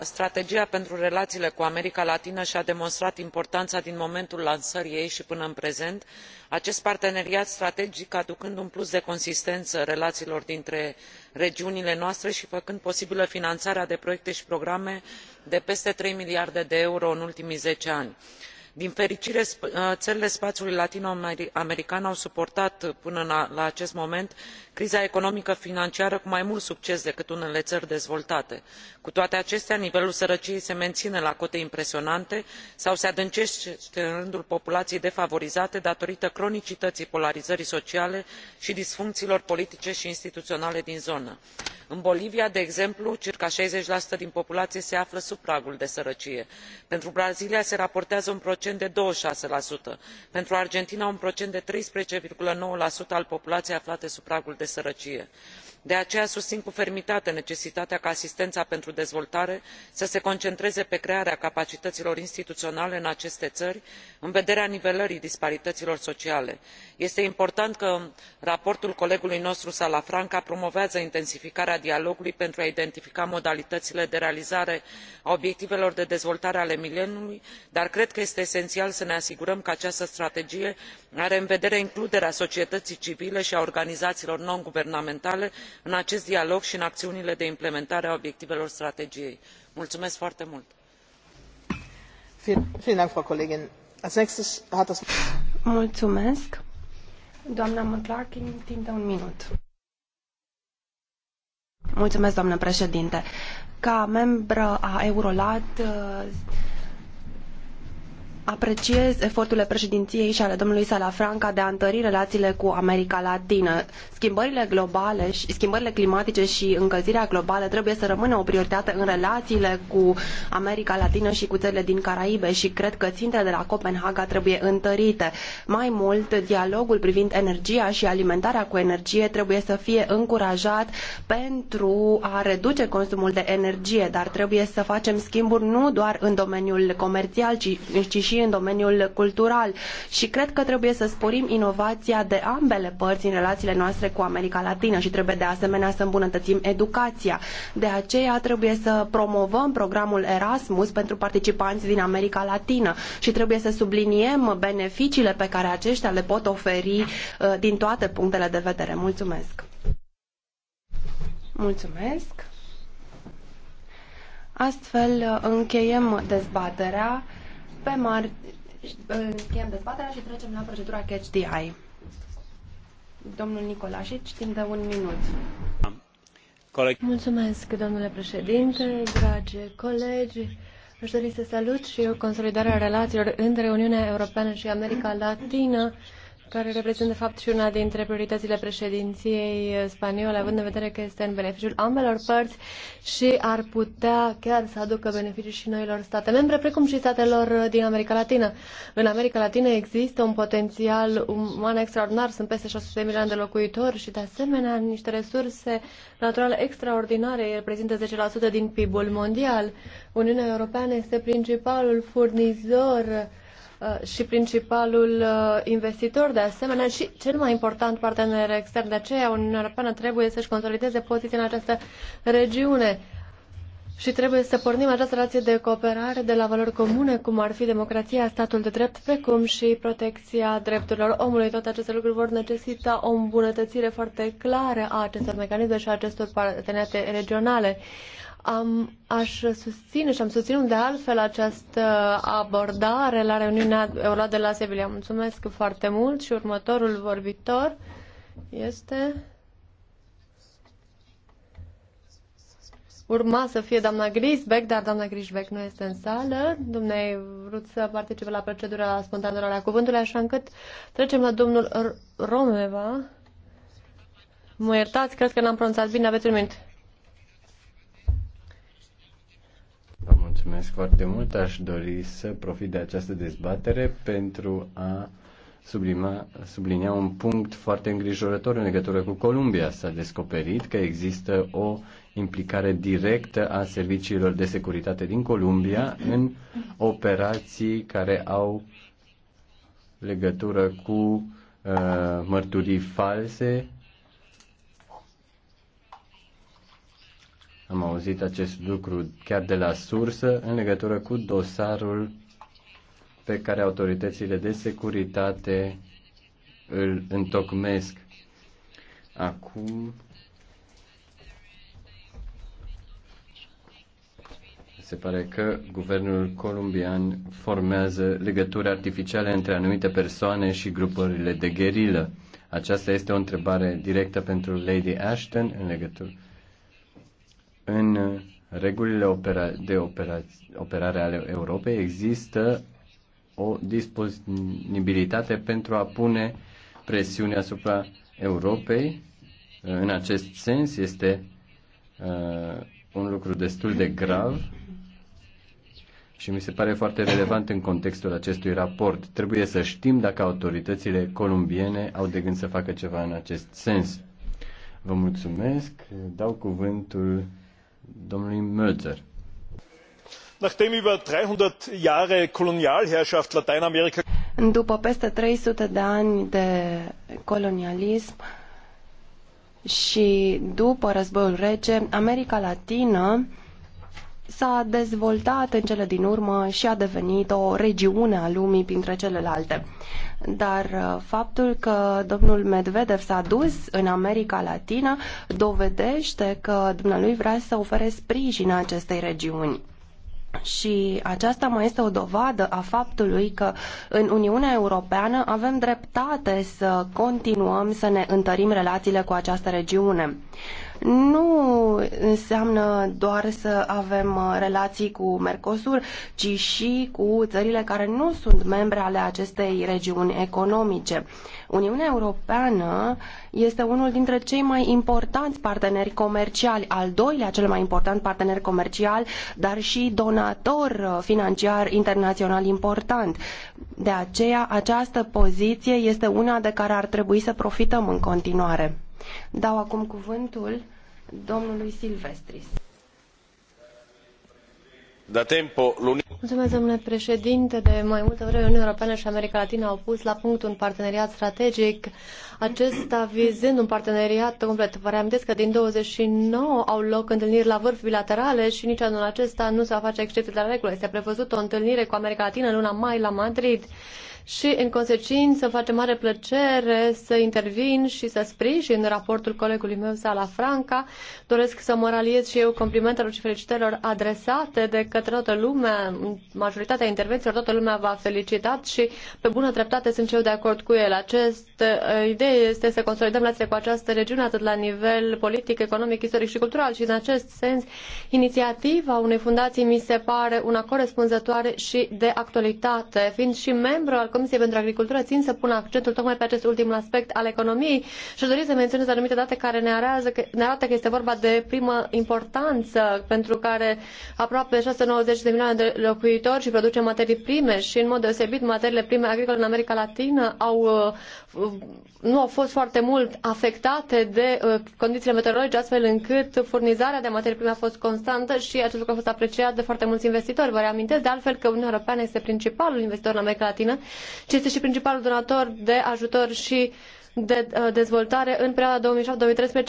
Speaker 7: strategia pentru relațiile cu America Latină și-a demonstrat importanța din momentul lansării ei și până în prezent, acest parteneriat strategic aducând un plus de consistență relațiilor dintre regiunile noastre și făcând posibilă finanțarea de proiecte și programe de peste trei miliarde de euro în ultimii zece ani din fericire ă, ările spaiului latino american au suportat până la acest moment criza economică financiară cu mai mult succes decât unele ări dezvoltate. cu toate acestea nivelul sărăciei se menine la cote impresionante sau se adâncete în rândul populaiei defavorizate datorită cronicităii polarizării sociale i disfunciilor politice i instituionale din zonă. în bolivia de exemplu circa șaizeci din populaie se află sub pragul de sărăcie pentru brazilia se raportează un procent de douăzeci și șase pentru argentina un procent de treisprezece nouă al populaiei aflate sub pragul de sărăcie sărăcie. de aceea susin cu fermitate necesitatea ca asistena pentru dezvoltare să se concentreze pe crearea capacităilor instituionale în aceste ări în vederea nivelării disparităilor sociale. este important că raportul colegului nostru salafranca promovează intensificarea dialogului pentru a identifica modalităile de realizare a obiectivelor de dezvoltare ale mileniului dar cred că este esenial să ne asigurăm că această strategie are în vedere includerea societăii civile i a organizaiilor non guvernamentale în acest dialog i în aciunile de implementare a obiectivelor strategiei. mulumesc foarte mult!
Speaker 1: Mulțumesc. Doamna
Speaker 4: McClarkin, timp de un minut. Mulțumesc, doamnă președinte. Ca membră a Eurolat, Apreciez eforturile președinției și ale domnului Salafranca de a întări relațiile cu America Latină. Schimbările globale și schimbările climatice și încălzirea globală trebuie să rămână o prioritate în relațiile cu America Latină și cu țările din Caraibe și cred că țintele de la Copenhaga trebuie întărite. Mai mult, dialogul privind energia și alimentarea cu energie trebuie să fie încurajat pentru a reduce consumul de energie, dar trebuie să facem schimburi nu doar în domeniul comercial, ci, ci și în domeniul cultural și cred că trebuie să sporim inovația de ambele părți în relațiile noastre cu America Latină și trebuie de asemenea să îmbunătățim educația. De aceea trebuie să promovăm programul Erasmus pentru participanți din America Latină și trebuie să subliniem beneficiile pe care aceștia le pot oferi uh, din toate punctele de vedere. Mulțumesc! Mulțumesc! Astfel uh, încheiem dezbaterea. Pe mar, ă, încheiem dezbaterea și trecem la procedura Catch the Eye. Domnul Nicolașic, timp de un minut.
Speaker 8: Mulțumesc, domnule președinte, dragi colegi. Aș dori să salut și eu consolidarea relațiilor între Uniunea Europeană și America Latină care reprezintă, de fapt, și una dintre prioritățile președinției spaniole, având în vedere că este în beneficiul ambelor părți și ar putea chiar să aducă beneficii și noilor state membre, precum și statelor din America Latină. În America Latină există un potențial uman extraordinar, sunt peste 600 de milioane de locuitori și, de asemenea, niște resurse naturale extraordinare, reprezintă 10% din PIB-ul mondial. Uniunea Europeană este principalul furnizor Uh, și principalul uh, investitor, de asemenea, și cel mai important partener extern. De aceea, Uniunea Europeană trebuie să-și consolideze poziția în această regiune. Și trebuie să pornim această relație de cooperare de la valori comune, cum ar fi democrația, statul de drept, precum și protecția drepturilor omului. Toate aceste lucruri vor necesita o îmbunătățire foarte clară a acestor mecanisme și a acestor parteneriate regionale. Am, aș susține și am susținut de altfel această abordare la reuniunea Eura de la Sevilla. Mulțumesc foarte mult și următorul vorbitor este... Urma să fie doamna Grisbeck, dar doamna Grisbeck nu este în sală. ai vrut să participe la procedura spontană la cuvântului, așa încât trecem la domnul R Romeva. Mă iertați, cred că n-am pronunțat bine, aveți un minut.
Speaker 9: Mulțumesc foarte mult. Aș dori să profit de această dezbatere pentru a sublima, sublinia un punct foarte îngrijorător în legătură cu Columbia. S-a descoperit că există o implicare directă a serviciilor de securitate din Columbia în operații care au legătură cu uh, mărturii false Am auzit acest lucru chiar de la sursă în legătură cu dosarul pe care autoritățile de securitate îl întocmesc. Acum se pare că guvernul colombian formează legături artificiale între anumite persoane și grupările de gherilă. Aceasta este o întrebare directă pentru Lady Ashton în legătură în uh, regulile de operare ale Europei există o disponibilitate pentru a pune presiune asupra Europei. Uh, în acest sens este uh, un lucru destul de grav și mi se pare foarte relevant în contextul acestui raport. Trebuie să știm dacă autoritățile columbiene au de gând să facă ceva în acest sens. Vă mulțumesc. Dau cuvântul
Speaker 6: domnului Mölzer. Nachdem über 300 Jahre Kolonialherrschaft Lateinamerika
Speaker 4: după peste 300 de ani de colonialism și după războiul rece, America Latină s-a dezvoltat în cele din urmă și a devenit o regiune a lumii printre celelalte dar uh, faptul că domnul Medvedev s-a dus în America Latină dovedește că dumnealui vrea să ofere sprijin acestei regiuni. Și aceasta mai este o dovadă a faptului că în Uniunea Europeană avem dreptate să continuăm să ne întărim relațiile cu această regiune nu înseamnă doar să avem uh, relații cu Mercosur, ci și cu țările care nu sunt membre ale acestei regiuni economice. Uniunea Europeană este unul dintre cei mai importanți parteneri comerciali, al doilea cel mai important partener comercial, dar și donator uh, financiar internațional important. De aceea, această poziție este una de care ar trebui să profităm în continuare. Dau acum cuvântul domnului Silvestris.
Speaker 5: Da tempo,
Speaker 4: Mulțumesc, domnule președinte. De
Speaker 8: mai multă vreme, Uniunea Europeană și America Latină au pus la punct un parteneriat strategic, acesta vizând un parteneriat complet. Vă reamintesc că din 29 au loc întâlniri la vârf bilaterale și nici anul acesta nu se va face excepție de la regulă. Este prevăzut o întâlnire cu America Latină în luna mai la Madrid și, în consecință, face mare plăcere să intervin și să sprijin raportul colegului meu, Sala Franca. Doresc să moraliez și eu complimentelor și felicitărilor adresate de către toată lumea. Majoritatea intervențiilor, toată lumea v-a felicitat și, pe bună dreptate, sunt eu de acord cu el. Această uh, idee este să consolidăm relația cu această regiune, atât la nivel politic, economic, istoric și cultural. Și, în acest sens, inițiativa unei fundații mi se pare una corespunzătoare și de actualitate, fiind și membru al Comisiei pentru Agricultură țin să pun accentul tocmai pe acest ultim aspect al economiei și dori să menționez anumite date care ne, arează, ne arată că este vorba de primă importanță pentru care aproape 690 de milioane de locuitori și produce materii prime și în mod deosebit materiile prime agricole în America Latină au uh, nu au fost foarte mult afectate de uh, condițiile meteorologice, astfel încât furnizarea de materii prime a fost constantă și acest lucru a fost apreciat de foarte mulți investitori. Vă reamintesc de altfel că Uniunea Europeană este principalul investitor în America Latină, ci este și principalul donator de ajutor și de uh, dezvoltare în perioada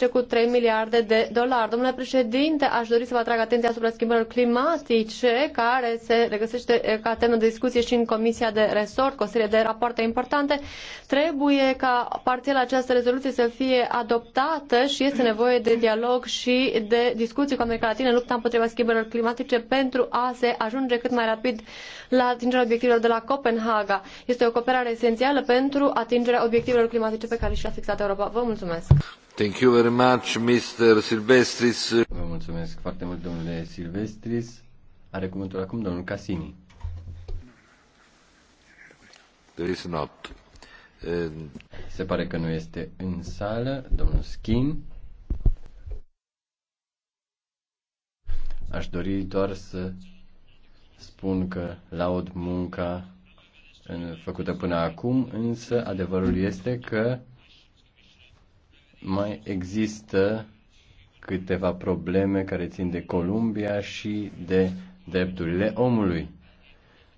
Speaker 8: 2007-2013 cu 3 miliarde de dolari. Domnule președinte, aș dori să vă atrag atenția asupra schimbărilor climatice, care se regăsește ca temă de discuție și în Comisia de Resort, cu o serie de rapoarte importante. Trebuie ca parțial această rezoluție să fie adoptată și este nevoie de dialog și de discuții cu America Latină în lupta împotriva schimbărilor climatice pentru a se ajunge cât mai rapid la atingerea obiectivelor de la Copenhaga. Este o cooperare esențială pentru atingerea obiectivelor climatice pe care și-a fixat Europa. Vă mulțumesc!
Speaker 9: Thank you very much, Mr. Silvestris. Vă mulțumesc foarte mult, domnule Silvestris. Are cuvântul acum domnul Casini. There is not. Se pare că nu este în sală. Domnul Skin. Aș dori doar să spun că laud munca făcută până acum, însă adevărul este că mai există câteva probleme care țin de Columbia și de drepturile omului.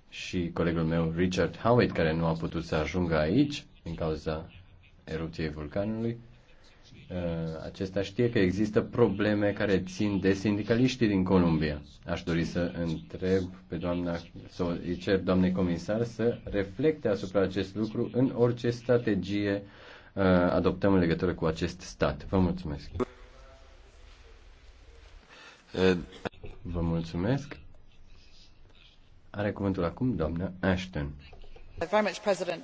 Speaker 9: Și colegul meu, Richard Howitt, care nu a putut să ajungă aici din cauza erupției vulcanului, Uh, acesta știe că există probleme care țin de sindicaliștii din Columbia. Aș dori să întreb pe doamna, să îi cer doamnei comisar să reflecte asupra acest lucru în orice strategie uh, adoptăm în legătură cu acest stat. Vă mulțumesc. Vă mulțumesc. Are cuvântul acum doamna Ashton.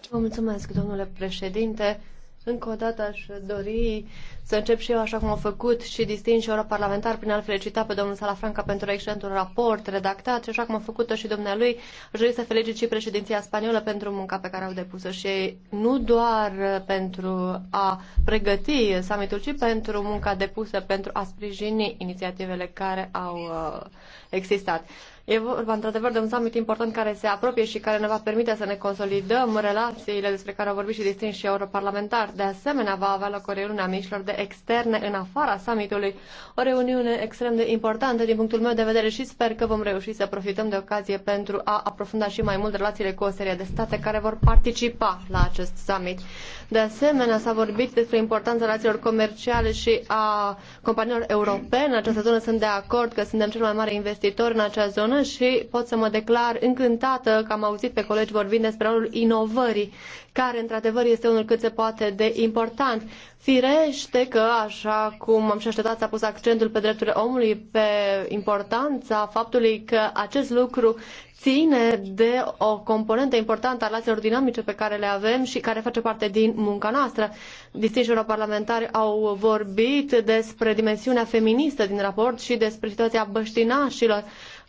Speaker 8: Vă mulțumesc, domnule președinte. Încă o dată aș dori să încep și eu așa cum au făcut și distinși europarlamentar prin a-l felicita pe domnul Salafranca pentru excelentul raport redactat și așa cum a făcut-o și dumnealui, aș dori să felicit și președinția spaniolă pentru munca pe care au depus-o și nu doar pentru a pregăti summitul, ci pentru munca depusă pentru a sprijini inițiativele care au uh, existat. E vorba, într-adevăr, de un summit important care se apropie și care ne va permite să ne consolidăm relațiile despre care au vorbit și distinși și europarlamentar. De asemenea, va avea loc o reuniune a mișilor de externe în afara summitului, o reuniune extrem de importantă din punctul meu de vedere și sper că vom reuși să profităm de ocazie pentru a aprofunda și mai mult relațiile cu o serie de state care vor participa la acest summit. De asemenea, s-a vorbit despre importanța relațiilor comerciale și a companiilor europene în această zonă. Sunt de acord că suntem cel mai mare investitor în acea zonă și pot să mă declar încântată că am auzit pe colegi vorbind despre rolul inovării, care într-adevăr este unul cât se poate de important. Firește că, așa cum am și așteptat, s-a pus accentul pe drepturile omului, pe importanța faptului că acest lucru ține de o componentă importantă a relațiilor dinamice pe care le avem și care face parte din munca noastră. Distinși europarlamentari au vorbit despre dimensiunea feministă din raport și despre situația băștinașilor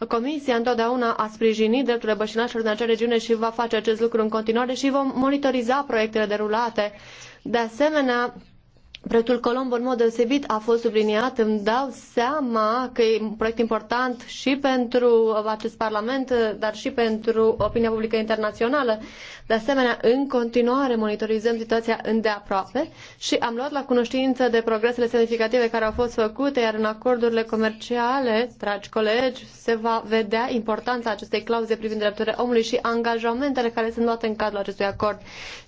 Speaker 8: Comisia întotdeauna a sprijinit drepturile bășinașilor din acea regiune și va face acest lucru în continuare și vom monitoriza proiectele derulate. De asemenea, Proiectul Colombo, în mod deosebit, a fost subliniat. Îmi dau seama că e un proiect important și pentru acest Parlament, dar și pentru opinia publică internațională. De asemenea, în continuare monitorizăm situația îndeaproape și am luat la cunoștință de progresele semnificative care au fost făcute, iar în acordurile comerciale, dragi colegi, se va vedea importanța acestei clauze privind drepturile omului și angajamentele care sunt luate în cadrul acestui acord.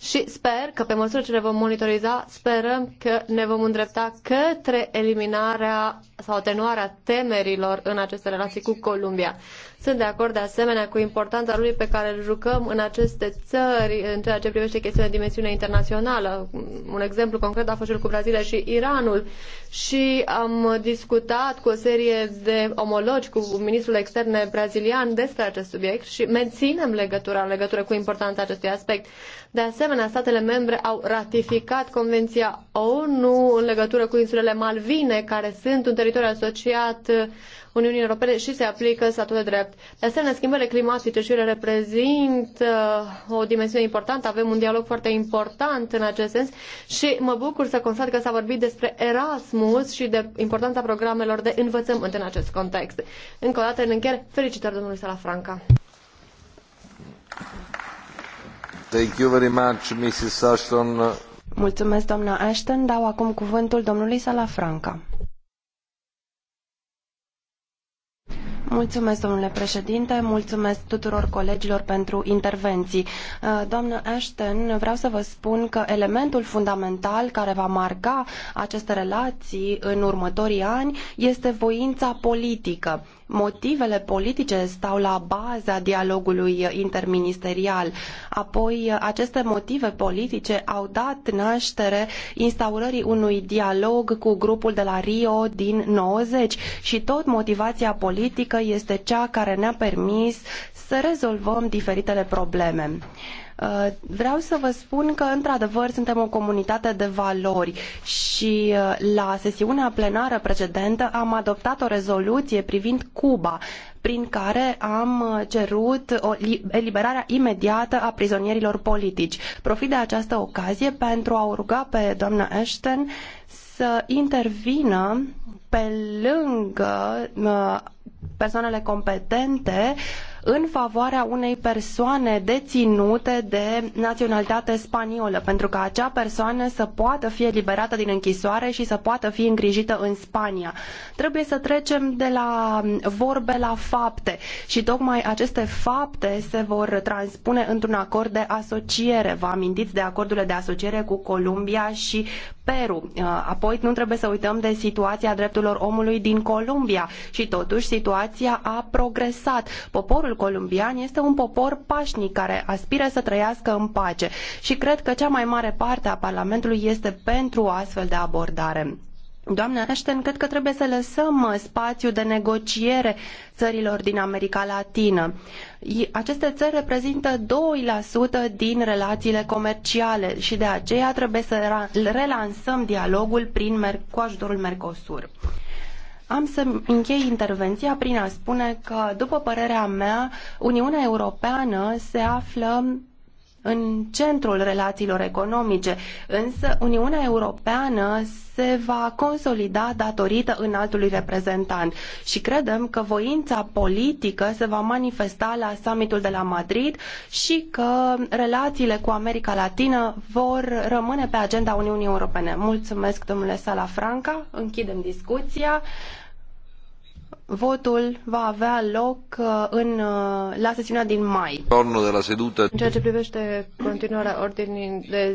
Speaker 8: Și sper că pe măsură ce le vom monitoriza, sperăm că ne vom îndrepta către eliminarea sau atenuarea temerilor în aceste relații cu Columbia. Sunt de acord de asemenea cu importanța lui pe care îl jucăm în aceste țări în ceea ce privește chestiunea de dimensiune internațională. Un exemplu concret a fost cel cu Brazilia și Iranul și am discutat cu o serie de omologi, cu ministrul externe brazilian despre acest subiect și menținem legătura în legătură cu importanța acestui aspect. De asemenea, statele membre au ratificat Convenția ONU nu în legătură cu insulele Malvine, care sunt un teritoriu asociat Uniunii Europene și se aplică statul de drept. De asemenea, schimbările climatice și ele reprezintă o dimensiune importantă. Avem un dialog foarte important în acest sens și mă bucur să constat că s-a vorbit despre Erasmus și de importanța programelor de învățământ în acest context. Încă o dată, în încheiere, felicitări domnului Salafranca.
Speaker 5: Thank you very much, Mrs. Ashton.
Speaker 4: Mulțumesc, doamna Ashton. Dau acum cuvântul domnului Salafranca. Mulțumesc, domnule președinte, mulțumesc tuturor colegilor pentru intervenții. Uh, doamnă Ashton, vreau să vă spun că elementul fundamental care va marca aceste relații în următorii ani este voința politică Motivele politice stau la baza dialogului interministerial. Apoi, aceste motive politice au dat naștere instaurării unui dialog cu grupul de la Rio din 90 și tot motivația politică este cea care ne-a permis să rezolvăm diferitele probleme. Uh, vreau să vă spun că, într-adevăr, suntem o comunitate de valori și uh, la sesiunea plenară precedentă am adoptat o rezoluție privind Cuba, prin care am uh, cerut o eliberarea imediată a prizonierilor politici. Profit de această ocazie pentru a o ruga pe doamna Ashton să intervină pe lângă persoanele competente uh, în favoarea unei persoane deținute de naționalitate spaniolă, pentru ca acea persoană să poată fi eliberată din închisoare și să poată fi îngrijită în Spania. Trebuie să trecem de la vorbe la fapte și tocmai aceste fapte se vor transpune într-un acord de asociere. Vă amintiți de acordurile de asociere cu Columbia și Peru. Uh, apoi nu trebuie să uităm de situația drepturilor omului din Columbia și totuși situația a progresat. Poporul poporul columbian este un popor pașnic care aspiră să trăiască în pace și cred că cea mai mare parte a Parlamentului este pentru o astfel de abordare. Doamne Ashton, cred că trebuie să lăsăm uh, spațiu de negociere țărilor din America Latină. Aceste țări reprezintă 2% din relațiile comerciale și de aceea trebuie să relansăm dialogul prin, cu ajutorul Mercosur. Am să închei intervenția prin a spune că, după părerea mea, Uniunea Europeană se află în centrul relațiilor economice, însă Uniunea Europeană se va consolida datorită înaltului reprezentant și credem că voința politică se va manifesta la summitul de la Madrid și că relațiile cu America Latină vor rămâne pe agenda Uniunii Europene. Mulțumesc, domnule Salafranca. Închidem discuția. Votul va avea loc uh, în, uh, la sesiunea din mai. În ceea ce privește continuarea ordinii de